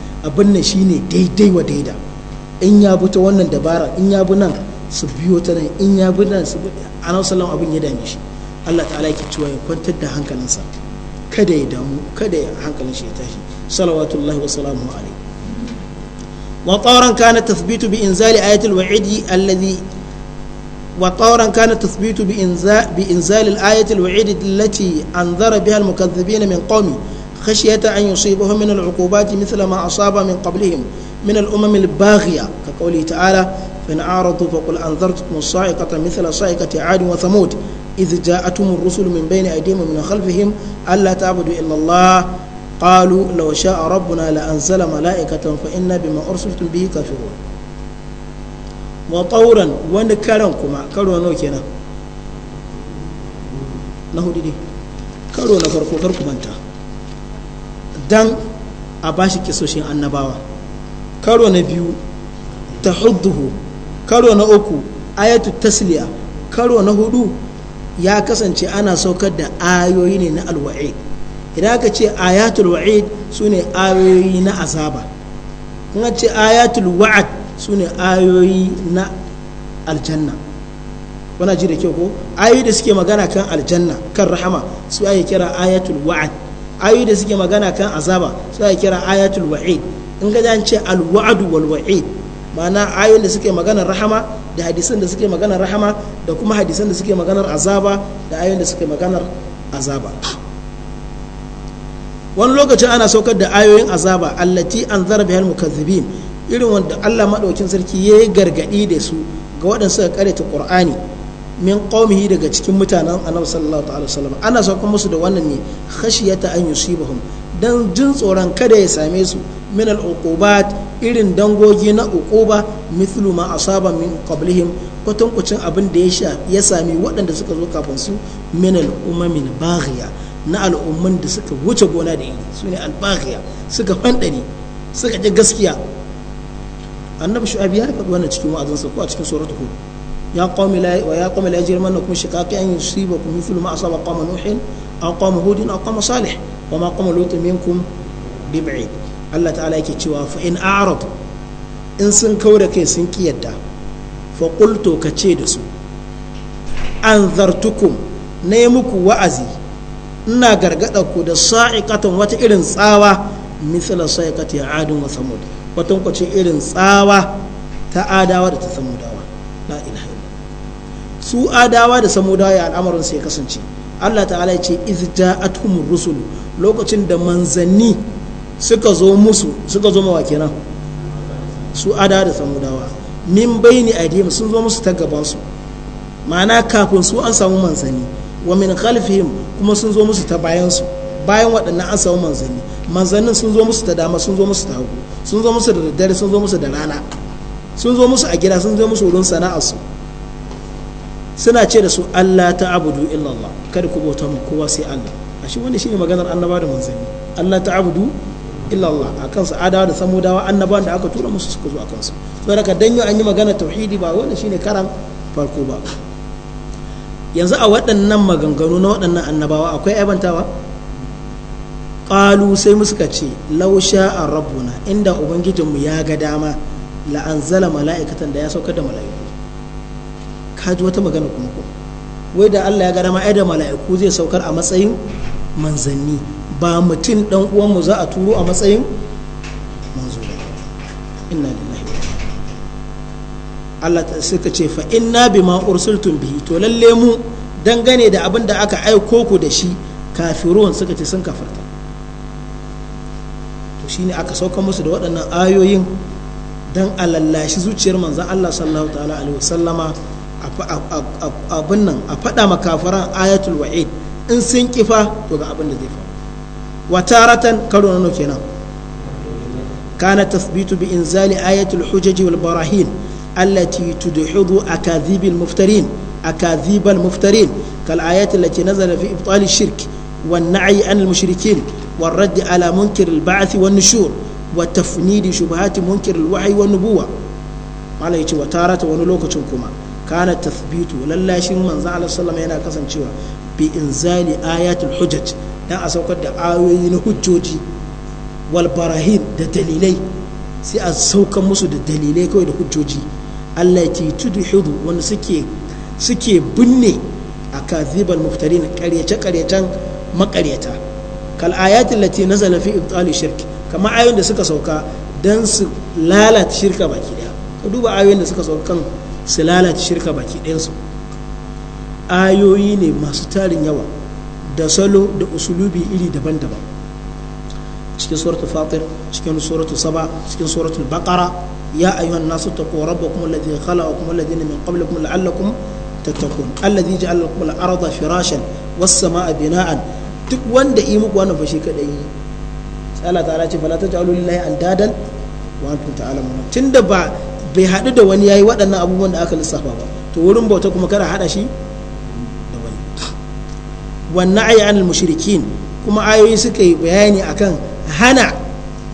abin nan shine daidai wa daida in ya bi ta wannan dabara in ya bi nan su biyo ta nan in ya bi nan su bi anan sallam abin ya dame shi Allah ta'ala yake cewa ya kwantar da hankalinsa kada ya damu kada ya hankalin shi ya tashi salawatullahi wa salamu alaihi وطورا كان التثبيت بإنزال آية الوعيد الذي وطورا كان التثبيت بإنزال, بإنزال الآية الوعيد التي أنذر بها المكذبين من قومه خشية أن يصيبهم من العقوبات مثل ما أصاب من قبلهم من الأمم الباغية كقوله تعالى فإن أعرضوا فقل أنذرتكم الصاعقة مثل صاعقة عاد وثمود إذ جاءتهم الرسل من بين أيديهم ومن خلفهم ألا تعبدوا إلا الله قالوا لو شاء ربنا لأنزل ملائكة فإنا بما أرسلتم به كافرون وطورا ونكرا كما كروا نوكينا نهو دي كروا نفرقوا كركم أنتم dan a bashi kisoshin annabawa karo na biyu ta hudduhu karo na uku ayatu tasliya karo na hudu ya kasance ana saukar da ayoyi ne na alwa'id idan aka ce ayatul wa'id su ne ayoyi na azaba kuma ce ayatul wa'ad su ne ayoyi na aljanna wana ji da kyau ko ayoyi da suke magana kan aljanna kan rahama su ake kira ayatul wa'ad ayoyi da suke magana kan azaba suna kira ayatul wa'id in ga an ce alwa'adu wal wa'id ma'ana ayoyin da suke maganar rahama da hadisan da suke maganar rahama da kuma hadisan da suke maganar azaba da ayoyin da suke maganar azaba wani lokacin ana saukar da ayoyin azaba allati an zara hal mukazzibin irin wanda Allah madaukin sarki ya yi gargadi da su ga waɗanda suka karyata qur'ani min qaumihi daga cikin mutanen annabi sallallahu alaihi wasallam ana saukan musu da wannan ne khashiyata an yusibahum dan jin tsoron kada ya same su min al irin dangogi na uquba mithlu ma asaba min qablihim kucin abin da ya sami waɗanda suka zo kafin su min al-umamin baghiya na al'umman da suka wuce gona da iri sune ne albaghiya suka fandani suka ji gaskiya annabi shu'abi ya faɗi wannan cikin wa'azinsa ko a cikin suratul hud ya qawmi la wa ya qawmi la yajrimannakum shiqaqi an yusibakum mithlu ma asaba qawma nuhin aw qawma hudin aw qawma salih wa ma qawma lutin minkum bib'id Allah ta'ala yake cewa fa in a'radu in sun kauda kai sun kiyarda fa qultu ce da su anzartukum ne muku wa'azi ina gargada ku da sa'iqatan wata irin tsawa mithla sa'iqati adun wa samud wata ce irin tsawa ta adawa da ta samud su adawa da samudawa ya al'amarin sai kasance Allah ta'ala ya ce atumur rusul lokacin da manzanni suka zo musu suka zo mawa kenan su adawa da samudawa min baini adim sun zo musu ta gaban su ma'ana kafin su an samu manzanni wa min khalfihim kuma sun zo musu ta bayan su bayan waɗannan an samu manzanni manzannin sun zo musu ta dama sun zo musu ta hagu sun zo musu da daddare sun zo musu da rana sun zo musu a gida sun zo musu wurin sana'arsu su suna ce da su Allah ta abudu illallah kada ku bauta mu kowa sai Allah a shi wanda shine maganar annaba da manzanni Allah ta abudu illallah a kansu adawa da samudawa annaba da aka tura musu suka zo a kansu haka ka yau an yi magana tauhidi ba wanda shine karan farko ba yanzu a waɗannan maganganu na waɗannan annabawa akwai aibantawa qalu sai ka ce lausha a rabbuna inda ubangijinmu ya ga dama la'anzala mala'ikatan da ya saukar da mala'iku ji wata magana kuma ko wai da Allah ya ga ma ai da mala'iku zai saukar a matsayin manzanni ba mutum dan uwanmu za a turo a matsayin manzo inna lillahi Allah ta suka ce fa inna bima ursiltum bihi to lalle mu dangane da abin da aka aiko ku da shi kafirun suka ce sun kafarta to shine aka sauka musu da waɗannan ayoyin dan alallashi zuciyar manzon Allah sallallahu ta'ala alaihi wasallama abin nan a faɗa makafaran ayatul wa'id in sun kifa to ga abin da zai faru karo na kenan kana tasbitu bi inzali ayatul hujaji wal barahin allati tudhidu akadhibil muftarin akadhibal muftarin kal ayati allati nazala fi ibtali shirk wan na'i an al mushrikin wal radd ala munkir al ba'th wan nushur wa tafnidi shubuhati munkir al wahyi wan malai ce wa tarata wani lokacin kuma kana tathbitu lallashin manzo Allah sallama yana kasancewa bi inzali ayatul hujaj dan a saukar da ayoyi na hujjoji wal barahin da dalilai sai a saukar musu da dalilai kawai da hujjoji allati tudhidu wanda suke suke binne akazibal muftarin karyace karyacen makaryata kal ayatin lati nazala fi ibtali shirk kama ayoyin da suka sauka dan su lalata shirka baki daya ka duba ayoyin da suka sauka kan su lalata shirka baki ɗinsu. ayoyi ne masu tarin yawa da salo da usulubi iri daban-daban cikin suratul fatir cikin suratul saba cikin suratul baqara ya ayyuhan nasu taqu rabbakum alladhi khalaqakum alladhina min qablikum la'allakum tattaqun alladhi ja'ala lakum al-arda firashan was-samaa bina'an duk wanda yi muku wannan fashi kadai Allah ta'ala ce fala taj'alu lillahi andadan wa antum ta'lamun tunda ba bai haɗu da wani yayi waɗannan abubuwan da aka lissafa ba to wurin bauta kuma kara haɗa shi da wani wannan ayi anil mushrikin kuma ayoyi suka yi bayani akan hana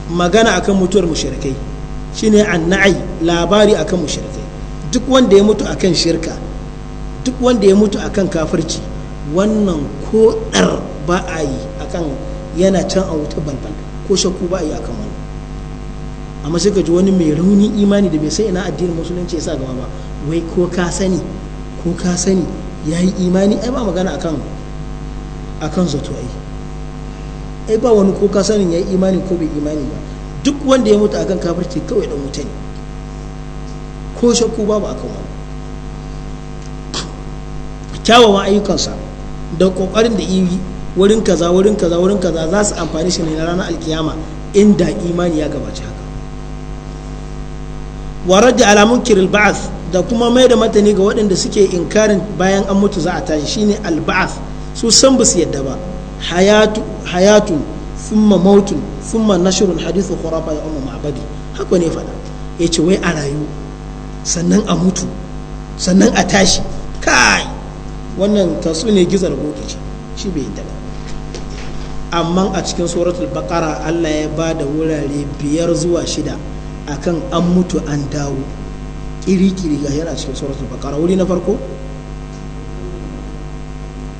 magana akan mutuwar mushrikai shine annai labari akan mushrikai duk wanda ya mutu akan shirka duk wanda ya mutu akan kafirci wannan ko ɗar ba a yi akan yana can a wuta balbal ko shakku ba a yi akan amma sai ka ji wani mai rauni imani da bai sai ina addinin musulunci ya sa gaba ba wai ko ka sani ko ka sani ya yi imani ai ba magana akan akan zato ai ai ba wani ko ka sani ya yi imani ko bai imani ba duk wanda ya mutu akan kafirci kawai dan wuta ne ko shakku babu akan wani kyawawan ayyukansa da kokarin da iwi wurin kaza wurin kaza wurin kaza za su amfani shi ne na ranar alkiyama inda imani ya gabaci haka warar da alamun kiril al da kuma mai da matani ga waɗanda suke inkarin bayan an mutu za a tashi shine al su san ba su yadda ba hayatun hayatun thumma mautun thumma nashrun hadithu khurafa ya umma ma'badi haka ne fada yace wai a rayu sannan a mutu sannan a tashi kai wannan tatsu ne gizar goge ce shi bai yadda ba amma a cikin suratul baqara Allah ya ba da wurare biyar zuwa shida akan an mutu an dawo iri kiri ga yana cikin suratul baqara wuri na farko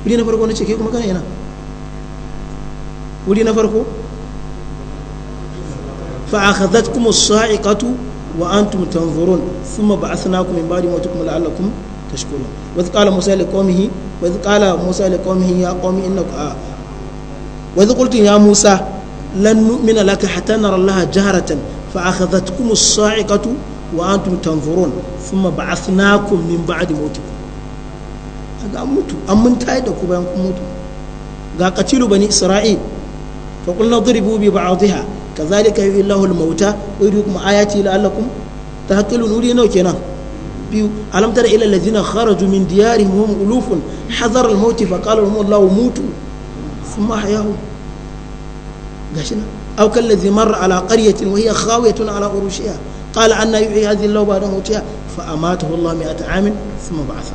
wuri na farko na ce ke kuma kana yana wuri na farko musa musa ya ah. ya musa lan nu'mina laka hatta nara فأخذتكم الصاعقة وأنتم تنظرون ثم بعثناكم من بعد موتكم ga mutu an mun tayar da ku bayan kun mutu ga qatilu bani isra'il fa qul nadribu bi ba'dihha kadhalika yuhyi Allahu al-mauta wa yuriikum ayati la'allakum tahtaqilun nuri nawa kenan biyu alam tara ila alladhina kharaju min diyarihim hum ulufun hadara mauti maut أو كالذي مر على قرية وهي خاوية على عروشها قال أن يحيي هذه الله بعد موتها فأماته الله مئة عام ثم بعثه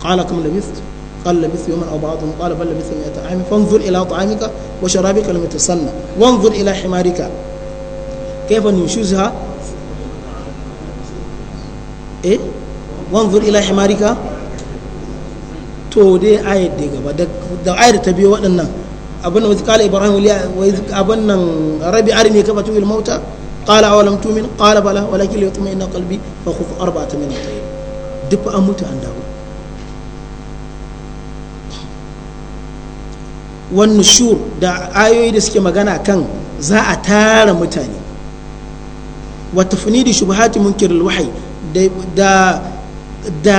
قال كم لبثت قال لبث يوما أو بعضهم قال بل لبثت مئة عام فانظر إلى طعامك وشرابك لم يتصنى وانظر إلى حمارك كيف ننشزها إيه وانظر إلى حمارك تودي آية ayar da gaba da ayar ta abin nan kala ibrahim abin nan rabi armi ka fatu il mauta qala a lam tu'min qala bala walakin li yutma'inna kalbi fa khuf arba'atan min at-tayr duk an mutu an dawo wan nushur da ayoyi da suke magana kan za a tara mutane wata tafnidi shubahati munkir al-wahyi da da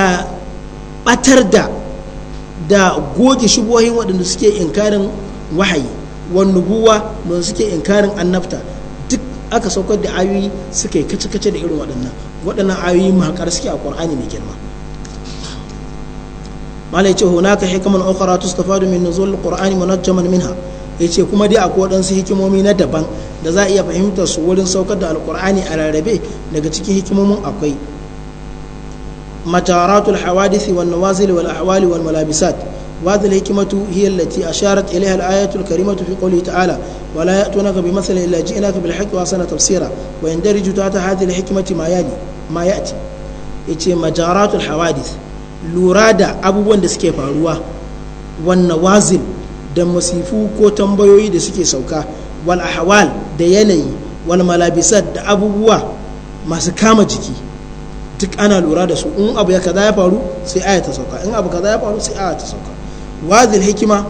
batar da da goge shubuhohin waɗanda suke inkarin wahayi wan mun suke inkarin annabta duk aka saukar da ayoyi suka yi kace-kace da irin waɗannan waɗannan ayoyi mahakar suke a ƙur'ani mai girma mala ya ce hunaka hikaman ukhra fadu min nuzul qur'ani munajjaman minha ya ce kuma dai akwai waɗansu hikimomi na daban da za a iya fahimtar su wurin saukar da alkur'ani a rarrabe daga cikin hikimomin akwai mataratul hawadisi wal nawazil wal ahwali wal malabisat وهذه الحكمة هي التي أشارت إليها الآية الكريمة في قوله تعالى ولا يأتونك بمثل إلا جئناك بالحق وأحسن تفسيرا ويندرج تحت هذه الحكمة ما يلي ما يأتي إتي مجارات الحوادث لورادا أبو دسكي فاروا والنوازل da masifu ko tambayoyi da suke sauka wal ahwal da yanayi wal malabisat da abubuwa masu kama jiki duk ana lura da su in abu ya kaza ya faru sai aya ta sauka in abu kaza ya faru sai aya ta sauka wazil hikima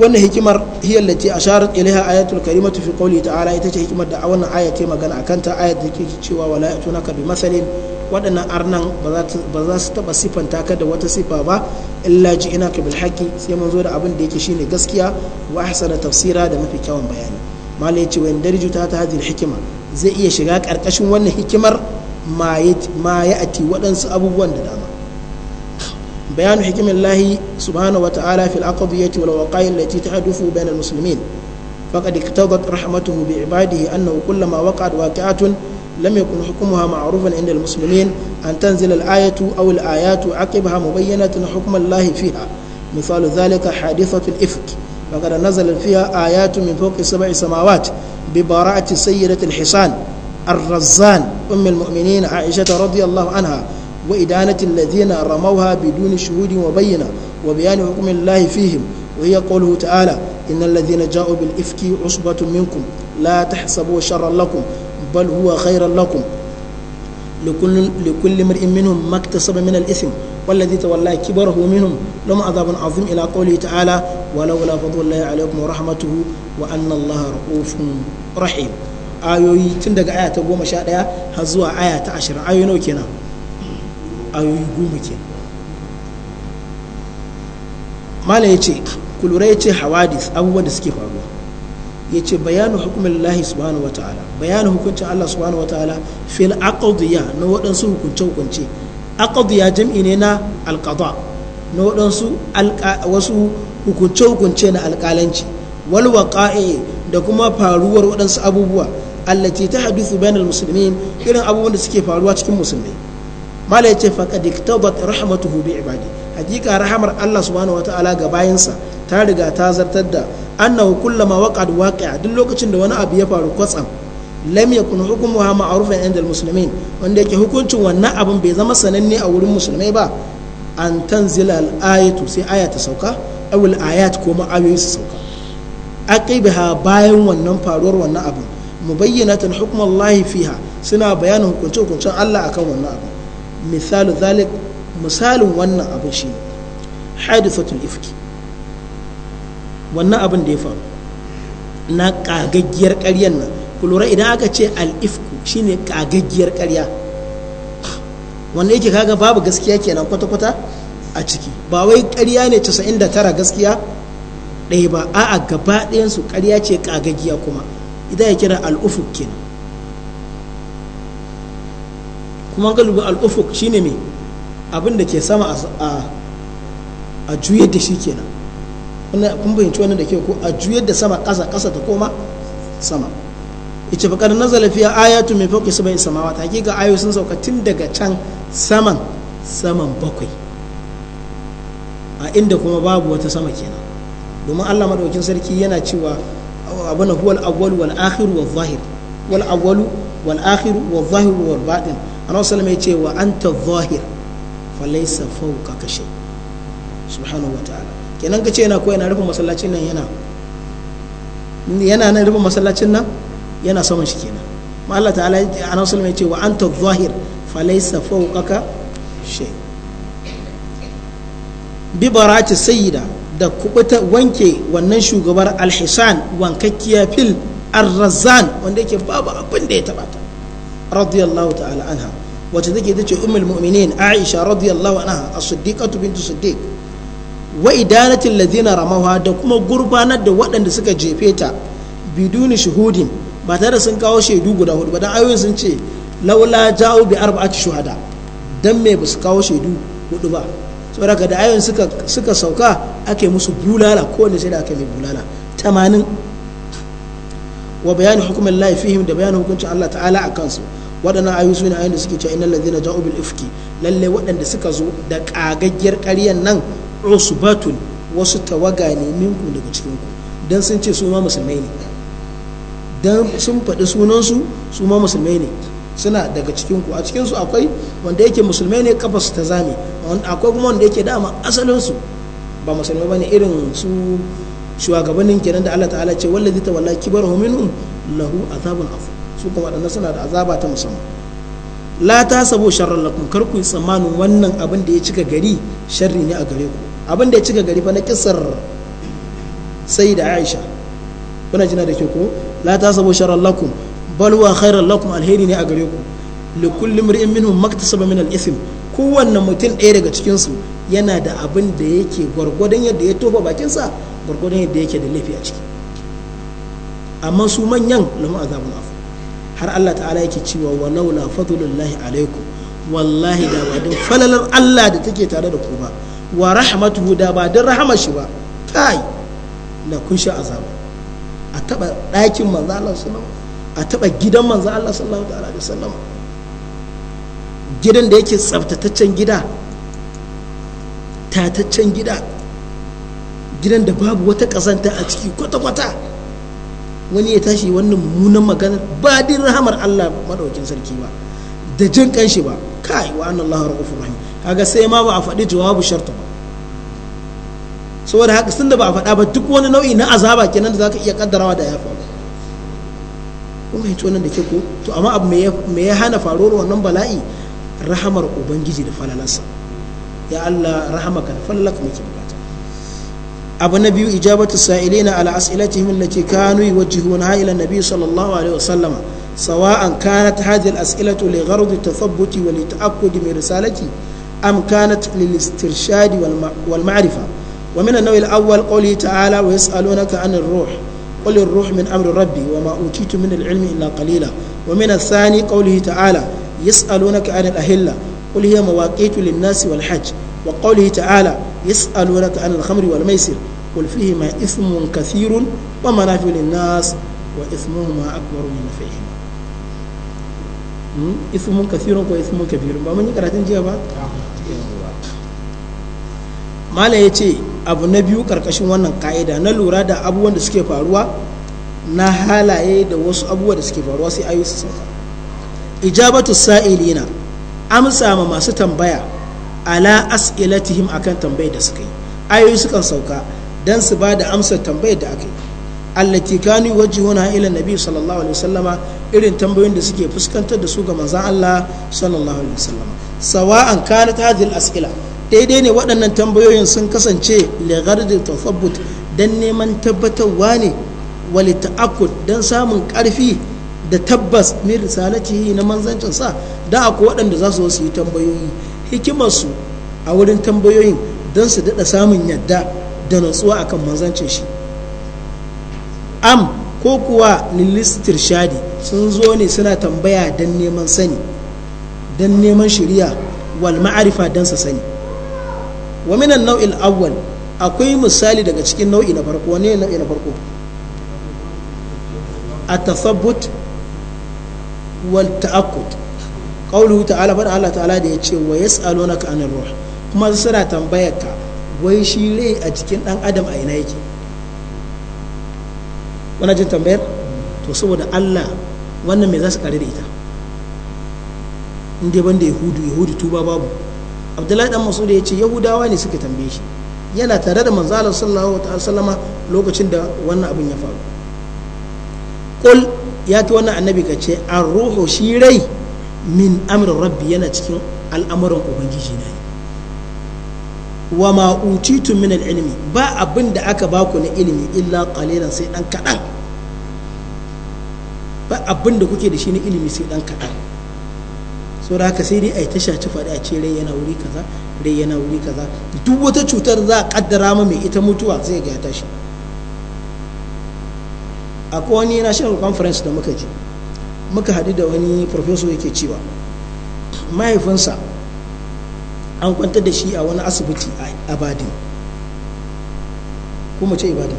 wannan hikimar hiyar lati asharat ilaiha ayatul karimatu fi qawli ta'ala ita ce hikimar da a wannan aya ta magana akan ta ayat da ke cewa wala kabi bi masalin waɗannan arnan ba za su taɓa siffanta ka da wata siffa ba illa ji ina ka bil sai mun zo da abin da yake shine gaskiya wa ahsana tafsira da mafi kyawun bayani malai yace wa indarju ta hadhihi hikima zai iya shiga karkashin wannan hikimar maya ya ati waɗansu abubuwan da dama بيان حكم الله سبحانه وتعالى في الأقضية والوقائع التي تحدث بين المسلمين فقد اقتضت رحمته بعباده أنه كلما وقعت واقعة لم يكن حكمها معروفا عند المسلمين أن تنزل الآية أو الآيات عقبها مبينة حكم الله فيها مثال ذلك حادثة الإفك فقد نزل فيها آيات من فوق سبع سماوات ببراءة سيدة الحصان الرزان أم المؤمنين عائشة رضي الله عنها وإدانة الذين رموها بدون شهود وبينة وبيان حكم الله فيهم وهي قوله تعالى إن الذين جاءوا بالإفك عصبة منكم لا تحسبوا شرا لكم بل هو خيرا لكم لكل, لكل امرئ منهم ما اكتسب من الإثم والذي تولى كبره منهم لهم عذاب عظيم إلى قوله تعالى ولولا فضل الله عليكم ورحمته وأن الله رؤوف رحيم ayoyi tun daga aya ta goma sha ɗaya har zuwa aya ta ashirin ayoyi nau kenan ayoyi goma ke malam ya ce kulura ya ce hawadis abubuwan da suke faruwa ya ce bayanu hukumar lahi subhanahu wa ta'ala bayanu hukuncin allah subhanahu wa ta'ala fil aqdiya na waɗansu hukunce hukunce aqdiya jam'i ne na alqada na waɗansu wasu hukunce hukunce na alƙalanci wal waqa'i da kuma faruwar waɗansu abubuwa allati ta hadithu bainal muslimin irin abubuwan da suke faruwa cikin musulmai mala yace faqad iktadat rahmatuhu bi ibadi hakika rahamar Allah subhanahu wataala ga bayansa ta riga ta zartar da annahu kullama waqad waqi'a duk lokacin da wani abu ya faru kwatsam lam yakun hukmuha ma'rufan inda almuslimin wanda yake hukuncin wannan abin bai zama sananne a wurin musulmai ba an tanzila al-ayatu sai aya ta sauka aw al-ayat ko ma su sauka aqibaha bayan wannan faruwar wannan abin mubayyanatan hukmullahi fiha suna bayanin hukunce hukuncen Allah akan wannan abin misalu zalik misalin wannan abin shi hadisatul ifki wannan abin da ya faru na kagaggiyar ƙaryar nan kulura idan aka ce al-ifku shine kagaggiyar ƙarya wanda yake kaga babu gaskiya kenan kwata-kwata a ciki ba wai karya ne 99 gaskiya ɗaya ba a'a gaba su karya ce kagaggiya kuma idan ya kira al-ufuk kenan kuma ga lura al'ufuk shine mai abin da ke sama a juyar da shi kenan kun bayanci wannan da ke ko a juyar da sama ƙasa ƙasa ta koma sama ita fakar nazala fiya ayatu mai fauki su bai samawa ta hakika ayo sun sauka tun daga can saman saman bakwai a inda kuma babu wata sama kenan domin allah maɗaukin sarki yana cewa abin huwal awwal wal akhir wal zahir wal awwalu wal akhir wal zahir wal batin annabi sallallahu ya ce wa an ta zahir fa laysa fawqa ka shay subhanahu wa ta'ala kenan kace yana ko yana rufin masallacin nan yana yana nan rufin masallacin nan yana saman shi kenan ma Allah ta'ala annabi sallallahu ya ce wa an ta zahir fa laysa fawqa ka shay bi barati sayyida da kubuta wanke wannan shugabar alhisan wankakkiya fil arrazan wanda yake babu abin da ya tabata. radiyallahu ta'ala anha wace take tace ummul mu'minin aisha radiyallahu anha as-siddiqatu bintu siddiq wa idanatil ladina ramawa da kuma gurbanar da waɗanda suka jefe ta biduni shuhudin ba tare da sun kawo shaidu guda hudu ba dan ayoyin sun ce laula ja'u bi arba'ati shuhada dan me ba su kawo shaidu hudu ba saboda da ayoyin suka suka sauka ake musu bulala ko ne sai da ake mai bulala 80 wa bayani hukumar lahi da bayanin hukuncin Allah ta'ala a kansu waɗannan ayu su ne ayun da suke cewa innal ladina ja'u bil ifki lalle waɗanda suka zo da kagaggiyar ƙaryan nan usbatun wasu tawaga ne minku daga cikin ku dan sun ce su ma musulmai ne dan sun faɗi sunansu su ma musulmai ne suna daga cikin ku a cikin su akwai wanda yake musulmai ne kafa su ta zame akwai kuma wanda yake dama asalin su ba musulmai bane irin su shugabannin kenan da Allah ta'ala ce wallazi tawalla kibaru minhum lahu azabun afu su kuma wadannan suna da azaba ta musamman la ta sabo sharran lakum kar ku tsammanin wannan abin da ya cika gari sharri ne a gare ku abin da ya cika gari fa na kisar sai da Aisha kuna jina da ke ko la ta sabo sharran lakum bal wa khairan lakum alheri ne a gare ku li kulli mar'in minhum maktasaba min al-ithm kowanne mutum ɗaya daga cikinsu yana da abin da yake gwargwadon yadda ya tofa bakinsa gwargwadon yadda yake da laifi a ciki amma su manyan lamu azabun afu har Allah ta'ala yake cewa walau la fadlullahi alaikum wallahi da ba don falalar Allah da take tare da ku ba wa rahmatuhu da ba don rahama shi ba kai la kun sha azaba a taba ɗakin manzo Allah sallallahu a taba gidan manzo Allah sallallahu alaihi wasallam gidan da yake tsaftataccen gida tataccen gida gidan da babu wata ƙazanta a ciki kwata-kwata wani ya tashi wannan munan maganar ba din rahamar Allah maɗaukin sarki ba da jin kanshi ba kai wa annan lahar ofu rahim kaga sai ma ba a faɗi jawabu sharta ba saboda haka sun da ba a faɗa ba duk wani nau'i na azaba kenan da za ka iya kaddarawa da ya faru kuma fahimci wannan da ke ko to amma abu me ya hana faruwar wannan bala'i rahamar ubangiji da falalarsa ya Allah rahamaka da falalaka muke bukata abu na biyu ijabatu sa'ilina ala as'ilatihim allati kanu yuwajjihuna ila nabi sallallahu alaihi wasallam سواء كانت هذه الأسئلة لغرض التثبت ولتأكد من رسالتي أم كانت للاسترشاد والمعرفة ومن النوع الأول قوله تعالى ويسألونك عن الروح قل الروح من أمر ربي وما أوتيت من العلم إلا قليلا ومن الثاني قوله تعالى يسألونك عن الأهلة قل هي مواقيت للناس والحج وقوله تعالى يسألونك عن الخمر والميسر قل فيهما إثم كثير ومنافع للناس وإثمهما أكبر من نفعهما إثم كثير وإثم كبير بمن يقرأتين جيبا mala ya ce abu na biyu karkashin wannan ka'ida na lura da abubuwan da suke faruwa na halaye da wasu abubuwa da suke faruwa sai ayoyi su sauka ijabatu sa'ilina amsa ma masu tambaya ala as'ilatihim akan tambayar da suka yi ayoyi sukan sauka dan su ba da amsar tambayar da aka yi allati kanu wajihuna ila nabi sallallahu alaihi wasallama irin tambayoyin da suke fuskantar da su ga manzon Allah sallallahu alaihi wasallama sawa'an kanat hadhihi al-as'ila daidai ne waɗannan tambayoyin sun kasance lighardi tathabbut dan neman tabbatarwa ne wali ta'akkud dan samun ƙarfi da tabbas min risalaci na manzancin sa da akwai waɗanda za su su yi tambayoyi hikimarsu a wurin tambayoyin don su daɗa samun yadda da natsuwa akan manzancin shi am ko kuwa lilistir shadi sun zo ne suna tambaya don neman sani don neman shirya wal ma'arifa don sa sani wa minan nau'il awwal akwai misali daga cikin nau'i na farko ne nau'i na farko a tafabbut والتأكد قوله تعالى ta'ala الله تعالى ta'ala da yace عن الروح كما ruh kuma suna tambayar ka wai shi rai a cikin dan adam a ina yake wannan jin tambayar to saboda Allah wannan me za su kare da ita inda dai banda yahudu yahudu tuba babu abdullahi dan da ya ce yahudawa ne suka tambaye shi yana tare da manzalar sallallahu alaihi wasallama lokacin da wannan abin ya faru qul ya ta wannan annabi ka ce an ruhu shi rai min amrin rabbi yana cikin al'amuran ubangiji na ne wa ma utitu min ilmi ba abin da aka baku na ilimi illa qalilan sai dan kadan ba abin da kuke da shi na ilimi sai dan kadan da haka sai dai a yi ta shaci faɗi a ce rai yana wuri kaza rai yana wuri kaza duk wata cutar za a kaddara ma mai ita mutuwa zai ga ya tashi akwai wani national conference da muka ji muka hadu da wani professor yake cewa mahaifinsa an kwantar da shi a wani asibiti a badin kuma ce ibadan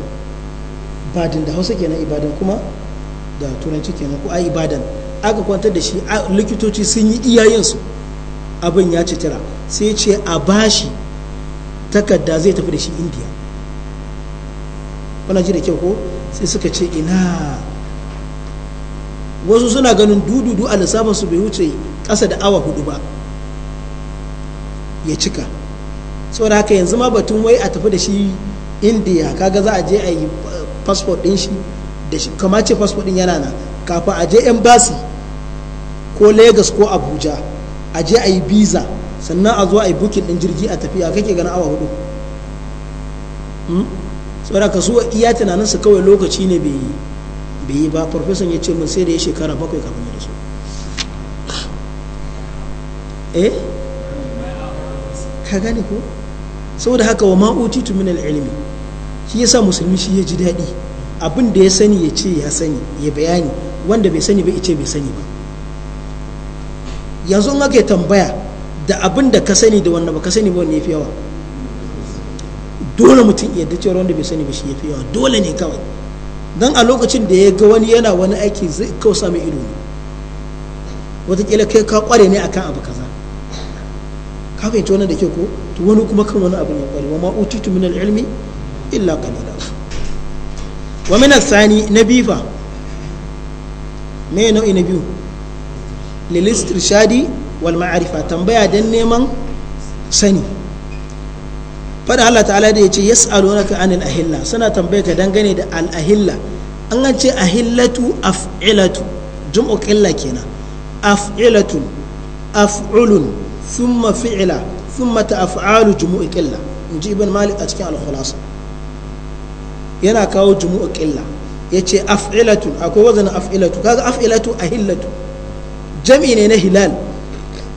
badin da hausa kenan ibadan kuma da turanci kenan ko a ibadan aka kwantar da shi likitoci sun yi iyayensu abin ya citira sai ce a bashi takarda zai tafi da shi indiya wannan ji da kyau ko sai suka ce ina wasu suna ganin dududu a lissafin su bai wuce kasa da awa hudu ba ya cika saboda haka yanzu ma batun wai a tafi da shi indiya kaga za a je a yi fasfot eh, ɗin shi da shi kama ce fasfot ɗin yana na kafin a je embassy ko legas ko abuja a je a yi visa sannan a zo a yi bukin ɗin jirgi a tafiya kake ganin awa hudu hmm? ka su iya tunanin su kawai lokaci ne bai yi ba farfesan ya ce mun sai da ya shekara bakwai kafin ya rasu eh ka gane ko saboda haka wa ma'utitu min ilimi shi sa musulmi shi ya ji daɗi abin da ya sani ya ce ya sani ya bayani wanda bai sani ba ya ce bai sani ba yanzu in aka tambaya da abin da ka sani da wanda ba ka sani ba wanda ya fi yawa dole mutum yadda cewar wanda bai sani ba shi ya fi yawa dole ne kawai don a lokacin da ya ga wani yana wani aiki zai kawo sami ido ne watakila kai ka kware ne akan abu kaza ka fahimci wannan da ke ko to wani kuma kan wani abu ne kware wa ma utitu min ilmi illa qalila wa min sani na bifa me nau'i na biyu lil istirshadi wal ma'arifa tambaya dan neman sani fada Allah ta'ala da ya ce yas'alunaka anil ahilla suna tambaye ka dangane da al ahilla an an ce ahillatu af'ilatu jum'u qilla kenan af'ilatu af'ulun thumma fi'la thumma ta'afalu jumu'u qilla ji ibn malik a cikin al khulasa yana kawo jumu'u qilla yace af'ilatu akwai wazanin af'ilatu kaga af'ilatu ahillatu jami ne na hilal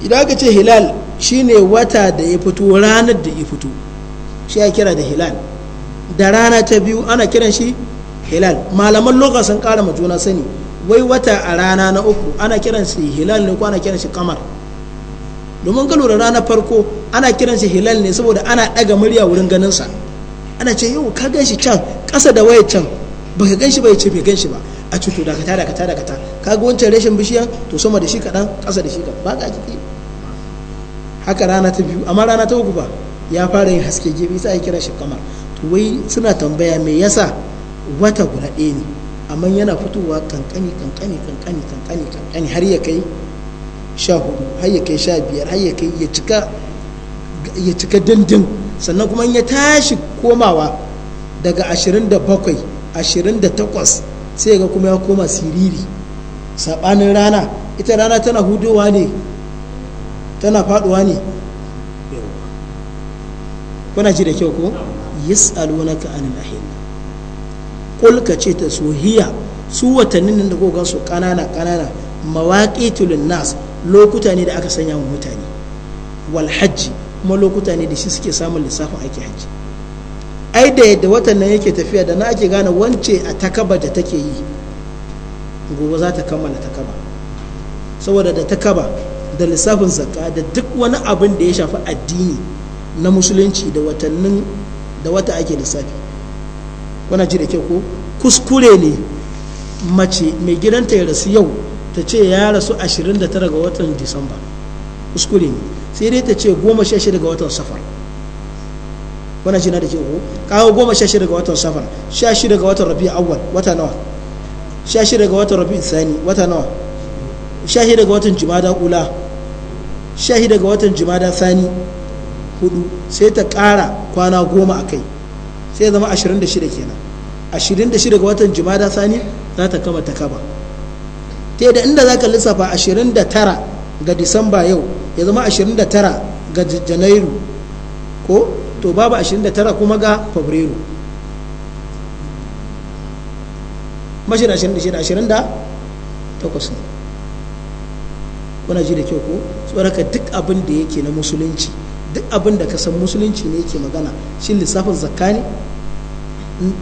idan aka ce hilal shine wata da ya fito ranar da ya fito shi ya kira da hilal da rana ta biyu ana kiran shi hilal malaman lokacin sun kara ma juna sani wai wata a rana na uku ana kiran shi hilal ne ko ana kiran shi kamar domin ka da rana farko ana kiran shi hilal ne saboda ana daga murya wurin ganin sa ana ce yau ka gan shi can ƙasa da waya can baka gan shi ba ya ce bai gan shi ba a kata to dakata dakata dakata ka ga wancan rashin bishiyan to sama da shi kaɗan ƙasa da shi kaɗan ba ka haka rana ta biyu amma rana ta uku ba ya fara yin haske gefe sai kira shi kamar to wai suna tambaya me yasa wata guda ɗaya ne amma yana fitowa kankani kankani kankani kankani kankani har ya kai sha hudu har ya kai sha biyar har ya kai ya cika ya cika dindin sannan kuma ya tashi komawa daga ashirin da bakwai ashirin da takwas sai ga kuma ya koma siriri saɓanin rana ita rana tana hudowa ne tana faɗuwa ne kuna ji da kyau ko ka anil ahil qul ka ce ta su hiya su watannin da koga su kanana kanana mawaqitul nas lokuta ne da aka sanya wa mutane wal hajji kuma lokuta ne da shi suke samun lissafin aiki hajji ai da yadda watan nan yake tafiya da na ake gane wance a takaba da take yi gobe za ta kammala takaba saboda da takaba da lissafin zakka da duk wani abin da ya shafi addini na musulunci da watannin da wata ake lissafi kuna ji da kyau ko kuskure ne mace mai gidanta ya rasu yau ta ce ya rasu 29 ga watan disamba kuskure ne sai dai ta ce 16 ga watan safar kuna ji na da kyau ko kawo 16 ga watan safar 16 ga watan rabi awwal wata nawa 16 ga watan rabi sani wata nawa 16 ga watan da ula 16 ga watan da sani hudu sai ta ƙara kwana goma a kai sai zama ashirin da shida kenan ashirin da shida ga watan jumada sani za ta kama ta kaba ta yadda inda za ka lissafa ashirin da tara ga disamba yau ya zama ashirin da tara ga janairu ko to babu ashirin da tara kuma ga fabrairu mashi da da takwas ne kuna ji da kyau ko tsoraka duk abin da yake na musulunci duk abin da ka san musulunci ne yake magana shi lissafin zakka ne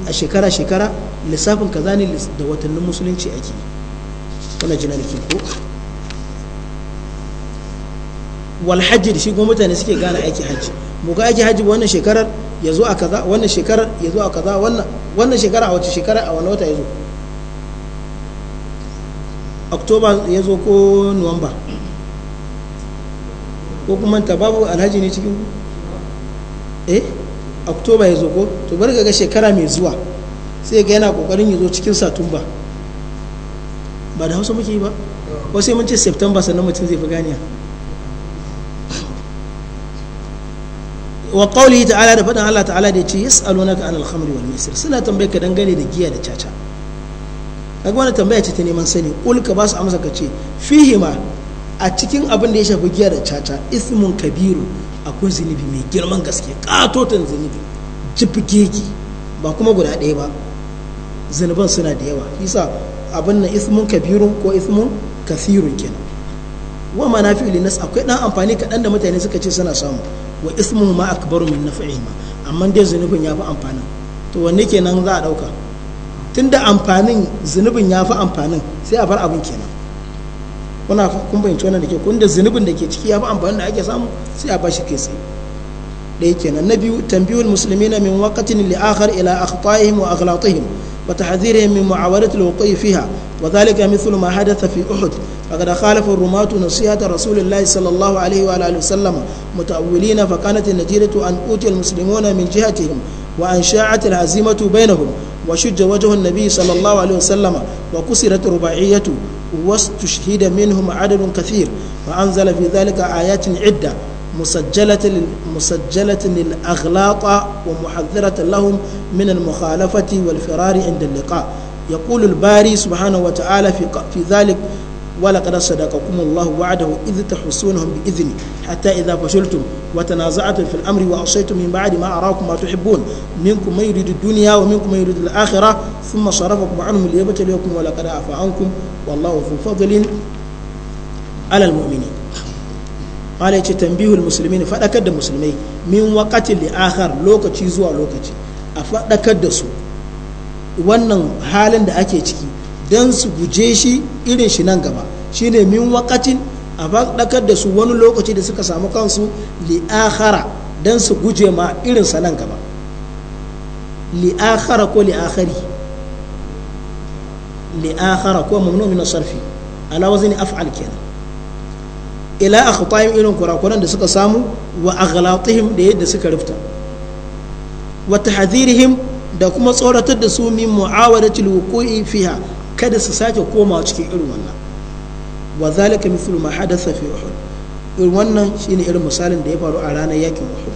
a shekara shekara lissafin kaza ne da watannin musulunci ake wani jina da ko walhajji da shi kuma mutane suke gane aiki hajji mu ga aiki hajji wannan shekarar ya zo a kaza wannan shekarar ya zo a kaza wannan wannan shekara a wace shekara a wani wata ya zo oktoba ya zo ko nuwamba ko kuma ta babu alhaji ne cikin ku eh oktoba ya zo ko to bari ga shekara mai zuwa sai ga yana kokarin ya zo cikin satumba ba da hausa muke yi ba ko sai mun ce september sannan mutum zai fi ganiya wa qawlihi ta'ala da faɗin Allah ta'ala da ya yas'alunaka anil khamri wal maisir suna tambaye ka dangane da giya da caca kaga wannan tambaya ce ta neman sani ulka ba su amsa ka ce fihi ma a cikin abin da ya shafi giya da caca ismun kabiru akwai zunubi mai girman gaske katotan zunubi jifigegi ba kuma guda ɗaya ba zunuban suna da yawa isa abin na ismun Kabiru ko ismun kasirun kenan wa fi ilinas akwai ɗan amfani kaɗan da mutane suka ce suna samu wa ismun ma akbaru min na naf'ihima amma dai zunubin ya fi amfanin to wanne kenan za a ɗauka tunda amfanin zunubin ya fi amfanin sai a bar abin kenan kuna kun bayyance wannan da ke kun da zunubin da ke ciki ya fi amfani da ake samu sai a bashi kai tsaye ɗaya kenan na biyu tambiyul muslimina min waqatin li akhar ila akhtaihim wa aghlatihim wa tahdhirihim min mu'awadat al-wuqi fiha wa dhalika mithlu ma hadatha fi uhud faqad khalafa ar-rumatu nasihata rasulillahi sallallahu alayhi wa alihi wasallam mutawwilina fa kanat an-natijatu an utiya al-muslimuna min jihatihim wa an sha'at al-hazimatu bainahum وشج وجه النبي صلى الله عليه وسلم وكسرت رباعيته واستشهد منهم عدد كثير وأنزل في ذلك آيات عدة مسجلة مسجلة للأغلاط ومحذرة لهم من المخالفة والفرار عند اللقاء يقول الباري سبحانه وتعالى في في ذلك ولقد صدقكم الله وعده إذ تحسونهم بإذني حتى إذا فشلتم وتنازعتم في الأمر وعصيتم من بعد ما أراكم ما تحبون منكم من يريد الدنيا ومنكم من يريد الآخرة ثم صرفكم عنهم ليبتليكم ولقد عفى عنكم والله ذو فضل على المؤمنين قال يتي تنبيه المسلمين فأكد المسلمين من وقت لآخر لوكتي زوا لوكتي أفأكد سو wannan halin da ake ciki don su guje shi irin shi nan gaba shine min wakacin a faɗakar da su wani lokaci da suka samu kansu li'akhara don su guje ma irin sa nan gaba li'akhara ko li'akhari li'akhara ko mamnu min sarfi ala wazni af'al kenan ila akhtaim irin kurakuran da suka samu wa aghlatihim da yadda suka rufta wa tahdhirihim da kuma tsoratar da su min mu'awadatil wuqu'i fiha kada su sake komawa cikin irin wannan wa zalika mithlu ma hadatha fi uhud irin wannan shine irin misalin da ya faru a ranar yakin uhud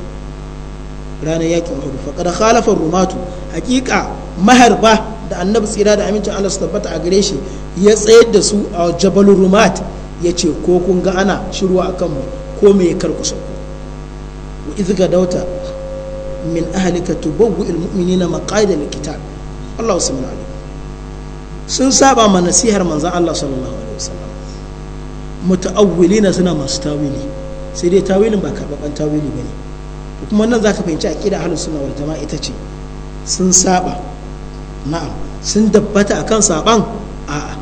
ranar yakin uhud fa kada khalafa rumatu haƙiƙa maharba da annabi tsira da amincin Allah su tabbata a gare shi ya tsayar da su a jabal rumat ya ce ko kun ga ana shirwa a kanmu ko me ya karkusa ku wa izga dauta min ahlika tubawwi almu'minina maqaida alkitab Allah usmanu sun saba ma nasihar manzan Allah sallallahu alaihi wasallam muta'awwilina suna masu tawili sai dai tawilin ba karɓaɓɓen tawili bane to kuma nan zaka fahimci aqida ahlus sunna wal jama'a ita ce sun saba na'am sun dabbata akan saban a'a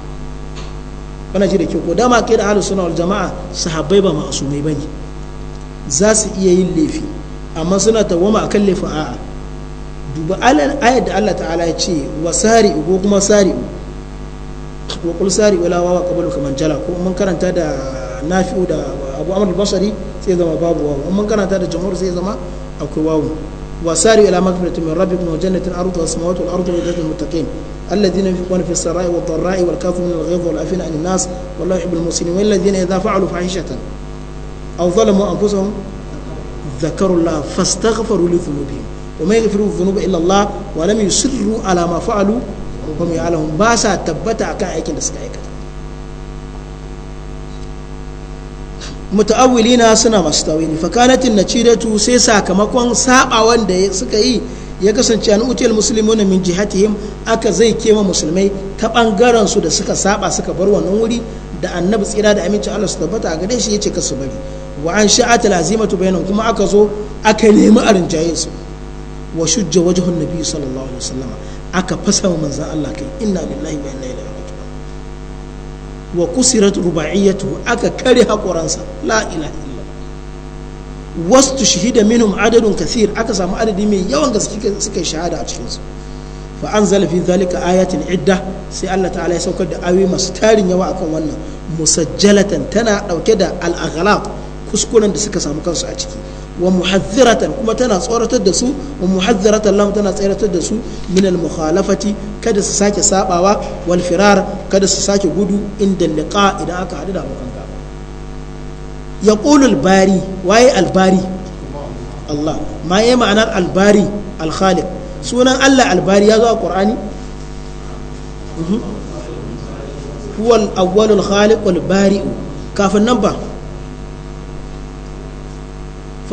wannan ji da ke ko dama aqida ahlus sunna wal jama'a sahabbai ba ma'asumai bane za su iya yin laifi amma suna tawama akan laifin a'a duba ayar da Allah ta'ala ya ce wa sari'u ko kuma sari'u wa sari ila wa qablu kaman jala ko mun karanta da nafi'u da abu amr al-basri sai zama babu wawu mun karanta da jumhur sai zama akwai wawu wa sari ila magfiratin min rabbikum wa jannatin arduha as-samawati wal ardu uiddatul muttaqin الذين ينفقون في السراء والضراء والكاظمين الغيظ والعافين عن الناس والله يحب المسلمين والذين اذا فعلوا فاحشه او ظلموا انفسهم ذكروا الله فاستغفروا لذنوبهم وما يغفر الذنوب الا الله ولم يصروا على ما فعلوا mai ya'lamun ba sa tabbata akan aikin da suka aikata na suna masu tawili fakanatin na an tu sai sakamakon saba wanda suka yi ya kasance an util muslimuna min jihatihim aka zai kema musulmai ta bangaren su da suka saba suka bar wannan wuri da annabi tsira da aminci Allah su tabbata a gare shi yace ka su bari wa an sha'at al-azimatu kuma aka zo aka nemi a rinjaye su wa shujja wajhun nabi sallallahu alaihi wasallam aka fasa wa manzan Allah kai inna billahi wa inna ilaihi wa kusirat rubaiyatuhu aka kare hakoransa la ilaha illa wasu shahida minhum adadun kathir aka samu adadi mai yawan gaske suka shahada a cikinsu fa an zalafi zalika ayatin idda sai Allah ta'ala ya saukar da ayoyi masu tarin yawa akan wannan musajjalatan tana dauke da al kuskuren da suka samu kansu a ciki wa muhazziratan kuma tana tsoratar da su wa muhazziratan lahum tana tsoratar da su min al mukhalafati kada su sake sabawa wal firar kada su sake gudu inda liqa idan aka hadu da abokan gaba yaqulu al bari waye al bari Allah ma yayi ma'anar al bari al khaliq sunan Allah al bari ya zo a qur'ani mhm. huwa al awwal al khaliq wal bari kafin nan ba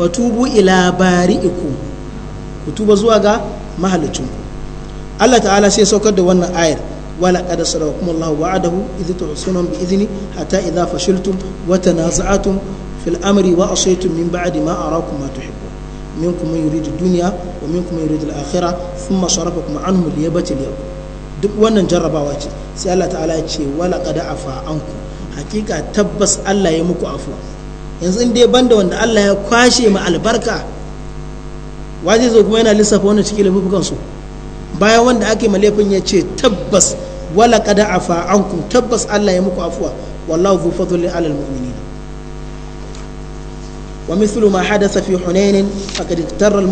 fatubu ila bari'ikum ku tuba zuwa ga mahalicin Allah ta'ala sai saukar da wannan ayar wala qad sadakum Allahu wa'adahu idh tuhsunun bi idhni hatta idha fashiltum wa tanaza'tum fil amri wa asaytum min ba'di ma arakum ma tuhibbun minkum man yuridu dunya wa minkum man yuridu al-akhirah thumma sarafakum anhum liyabtil yawm duk wannan jarrabawa ce sai Allah ta'ala ya ce wala qad afa anku hakika tabbas Allah ya muku afuwa yanzu in dai banda wanda Allah ya kwashe ma albarka wa zai zo kuma yana lissafa wannan cikin laifukan su bayan wanda ake ma laifin ya ce tabbas wala kada afa ankum tabbas Allah ya muku afuwa wallahu zu fadli alal mu'minin wa mithlu ma hadatha fi hunain faqad iktara al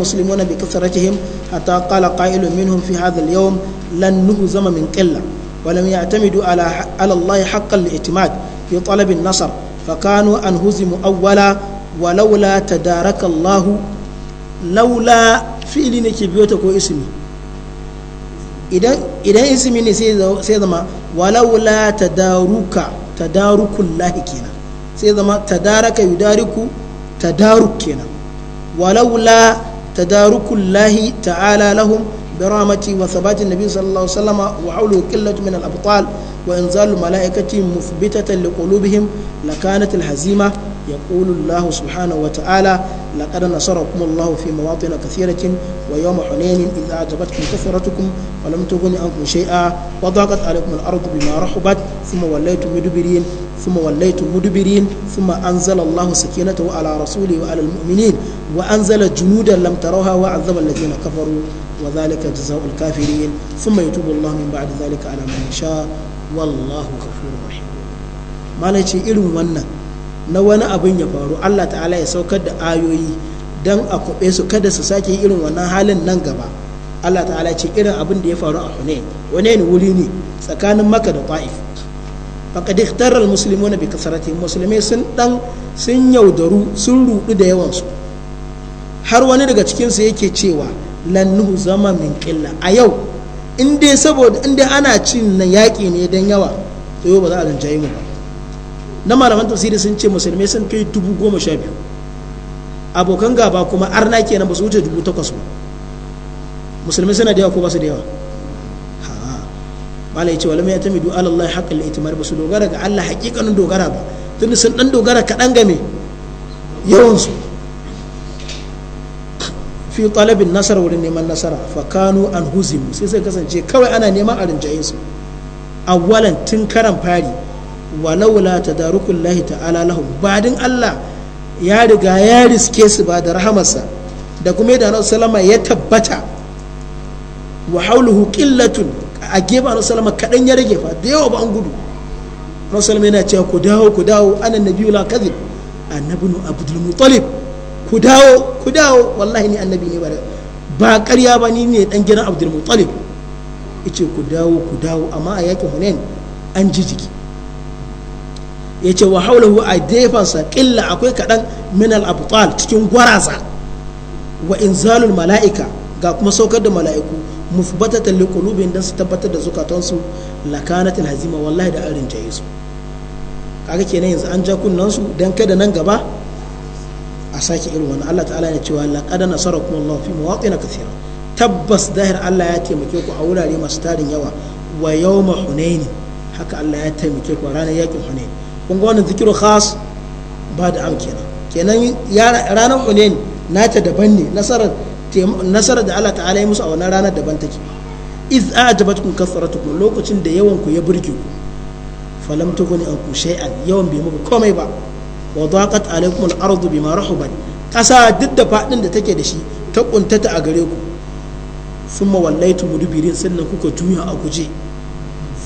bi kasratihim hatta qala qa'ilun minhum fi hadha al zama lan nuhzama min qilla ولم يعتمدوا على على الله حقا الاعتماد في طلب النصر فكانوا أنهزموا أولا ولولا تدارك الله لولا فعل نكبيوتا كو اسمي إذا اسمي سيدما ولولا تدارك تدارك الله كينا سيدما تدارك يدارك تدارك كينا ولولا تدارك الله تعالى لهم برامتي وثبات النبي صلى الله عليه وسلم وحوله كلة من الأبطال وإنزال الملائكة مثبتة لقلوبهم لكانت الهزيمة يقول الله سبحانه وتعالى لقد نصركم الله في مواطن كثيرة ويوم حنين إذا أعجبتكم كثرتكم ولم تغن عنكم شيئا وضاقت عليكم الأرض بما رحبت ثم وليتم مدبرين ثم وليتم مدبرين ثم أنزل الله سكينته على رسوله وعلى المؤمنين وأنزل جنودا لم تروها وعذب الذين كفروا وذلك جزاء الكافرين ثم يتوب الله من بعد ذلك على من يشاء والله غفور رحيم ما نجي إلو منا نوانا أبن يفارو الله تعالى يسوكد آيوي dan a kuɓe su kada su sake irin wannan halin nan gaba Allah ta'ala ce irin abin da ya faru a wane Hunain wuri ne tsakanin Makka da Ta'if faqad ikhtara al-muslimuna bi kasarati musulmai sun dan sun yaudaru sun rudu da yawan su har wani daga cikin su yake cewa lannuhu zama min killa a yau in dai saboda in dai ana cin na yaƙi ne don yawa to yau ba za a yi mu ba na malaman tafsiri sun ce musulmai sun kai dubu goma sha biyu abokan gaba kuma arna kenan ba su wuce dubu takwas ba musulmai suna da yawa ko ba su da yawa ya ce walamai ya tamidu alallahi haƙƙal itimar ba su dogara ga allah haƙiƙanin dogara ba tun sun ɗan dogara kaɗan game yawansu fi talabin nasara wurin neman nasara fa kanu an huzimu sai sai kasance kawai ana neman a rinjaye su awwalan tun karan fari walaula tadarukul lahi ta'ala lahum badin Allah ya riga ya riske su ba da rahamarsa da kuma yadda Annabi sallama ya tabbata wa hauluhu qillatun a gefe Annabi sallama kadan ya rage fa da yawa ba an gudu Annabi sallama yana cewa ku dawo ku dawo anan nabiyul kadhib annabinu abdul muttalib ku dawo ku dawo wallahi ni annabi ne ba ba ƙarya ba ni ne dan gidan abdul muttalib yace ku dawo ku dawo amma a yakin hunain an jijiki. jiki yace wa haulahu a defansa killa akwai kaɗan min al cikin gwaraza wa inzalul mala'ika ga kuma saukar da mala'iku ta liqulubin dan su tabbatar da zukatansu ta hazima wallahi da arin jayisu su kaga kenan yanzu an ja kunnan su dan kada nan gaba a sake irin wani Allah ta'ala ne cewa laqad nasarakum Allah fi na kathira tabbas dahir Allah ya taimake ku a wurare masu tarin yawa wa yawma hunain haka Allah ya taimake ku a ranar yakin hunain kun ga wannan zikiru khas ba da am kenan kenan ranar hunain nata daban ne nasarar nasarar da Allah ta'ala ya musu a wannan ranar daban take iz a'jabatkum kun lokacin da yawan ku ya burge ku falam tukuni an ku shay'an yawan bai muku komai ba wa daqat alaikum al-ardu bima rahubat kasa duk da fadin da take da shi ta kuntata a gare ku thumma wallaitu mudbirin sannan kuka juya a guje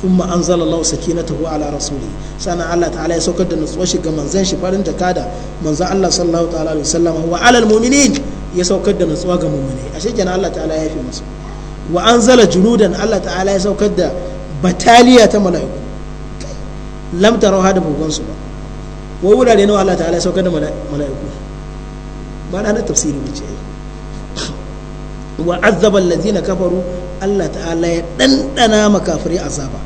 thumma anzala Allah sakinatahu ala rasuli sannan Allah ta'ala ya saukar da nutsuwar shi ga manzon shi farin jakada manzon Allah sallallahu ta'ala alaihi wasallam wa alal mu'minin ya saukar da nutsuwa ga mu'minai ashe kenan Allah ta'ala ya yafe musu wa anzala junudan Allah ta'ala ya saukar da bataliya ta mala'iku lam tarau hada bugun su ba wai wurare nawa Allah ta'ala saukar da mala'iku ba na tafsiri ba ce wa azzaba allazina kafaru Allah ta'ala ya dandana makafiri azaba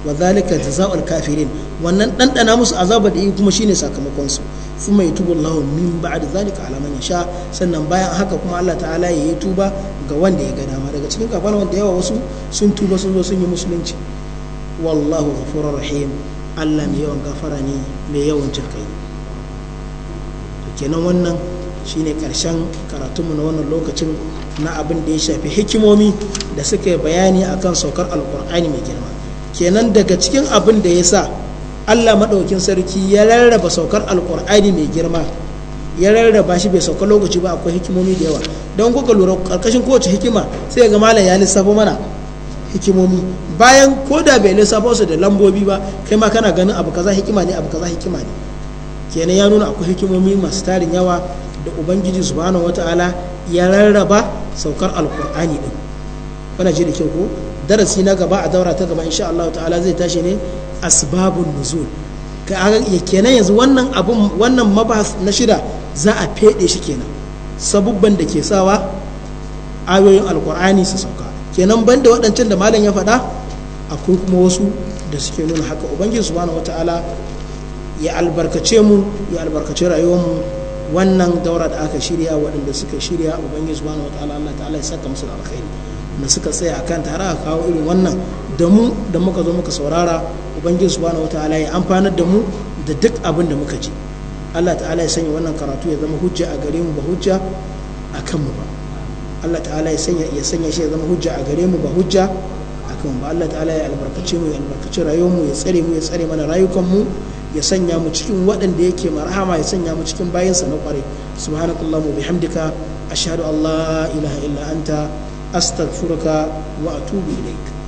wa zalika jazaa'ul kafirin wannan dandana musu azaba da yi kuma shine sakamakon su thumma yatubu Allahu min ba'd zalika ala man yasha sannan bayan haka kuma Allah ta'ala ya yi tuba ga wanda ya ga dama daga cikin kafaran wanda yawa wasu sun tuba sun zo sun yi musulunci wallahu ghafurur rahim Allah mai yawan gafara ne mai yawan jirkai kenan wannan shine karshen karatunmu na wannan lokacin na abin da ya shafi hikimomi da suka yi bayani akan saukar alkur'ani mai girma kenan daga cikin abin da ya sa allah maɗaukin sarki ya rarraba saukar alkur'ani mai girma ya rarraba shi bai sauka lokaci ba akwai hikimomi da yawa don kuka lura ƙarƙashin kowace hikima sai ga malam ya lissafa mana hikimomi bayan ko da bai lissafo su da lambobi ba kai ma kana ganin abu kaza hikima ne abu kaza hikima ne kenan ya nuna akwai hikimomi masu tarin yawa da ubangiji subhanahu wataala ya rarraba saukar alkur'ani din kana ji da kyau ko darasi na gaba a daura ta gaba insha Allah ta'ala zai tashi ne asbabun nuzul kenan yanzu wannan abun wannan mabahas na shida za a fede shi kenan sabubban da ke sawa ayoyin alkur'ani su sauka kenan ban da waɗancan da malam ya faɗa akwai kuma wasu da suke nuna haka ubangiji subhanahu wataala ya albarkace mu ya albarkace rayuwar mu wannan daura da aka shirya waɗanda suka shirya ubangiji subhanahu wataala Allah ta'ala ya saka musu da alkhairi na suka tsaya akan tare a kawo irin wannan da mu da muka zo muka saurara ubangiji subhanahu wataala ya amfanar da mu da duk abin da muka ji Allah ta'ala ya sanya wannan karatu ya zama hujja a gare mu ba hujja a mu ba Allah ta'ala ya sanya ya sanya shi ya zama hujja a gare mu ba hujja kan ba Allah ta'ala ya albarkace mu ya albarkace rayuwar mu ya tsare mu ya tsare mana rayukan mu ya sanya mu cikin waɗanda yake marhama ya sanya mu cikin bayansa na kware subhanakallahumma bihamdika ashhadu an la ilaha illa anta astaghfiruka wa atubu ilaik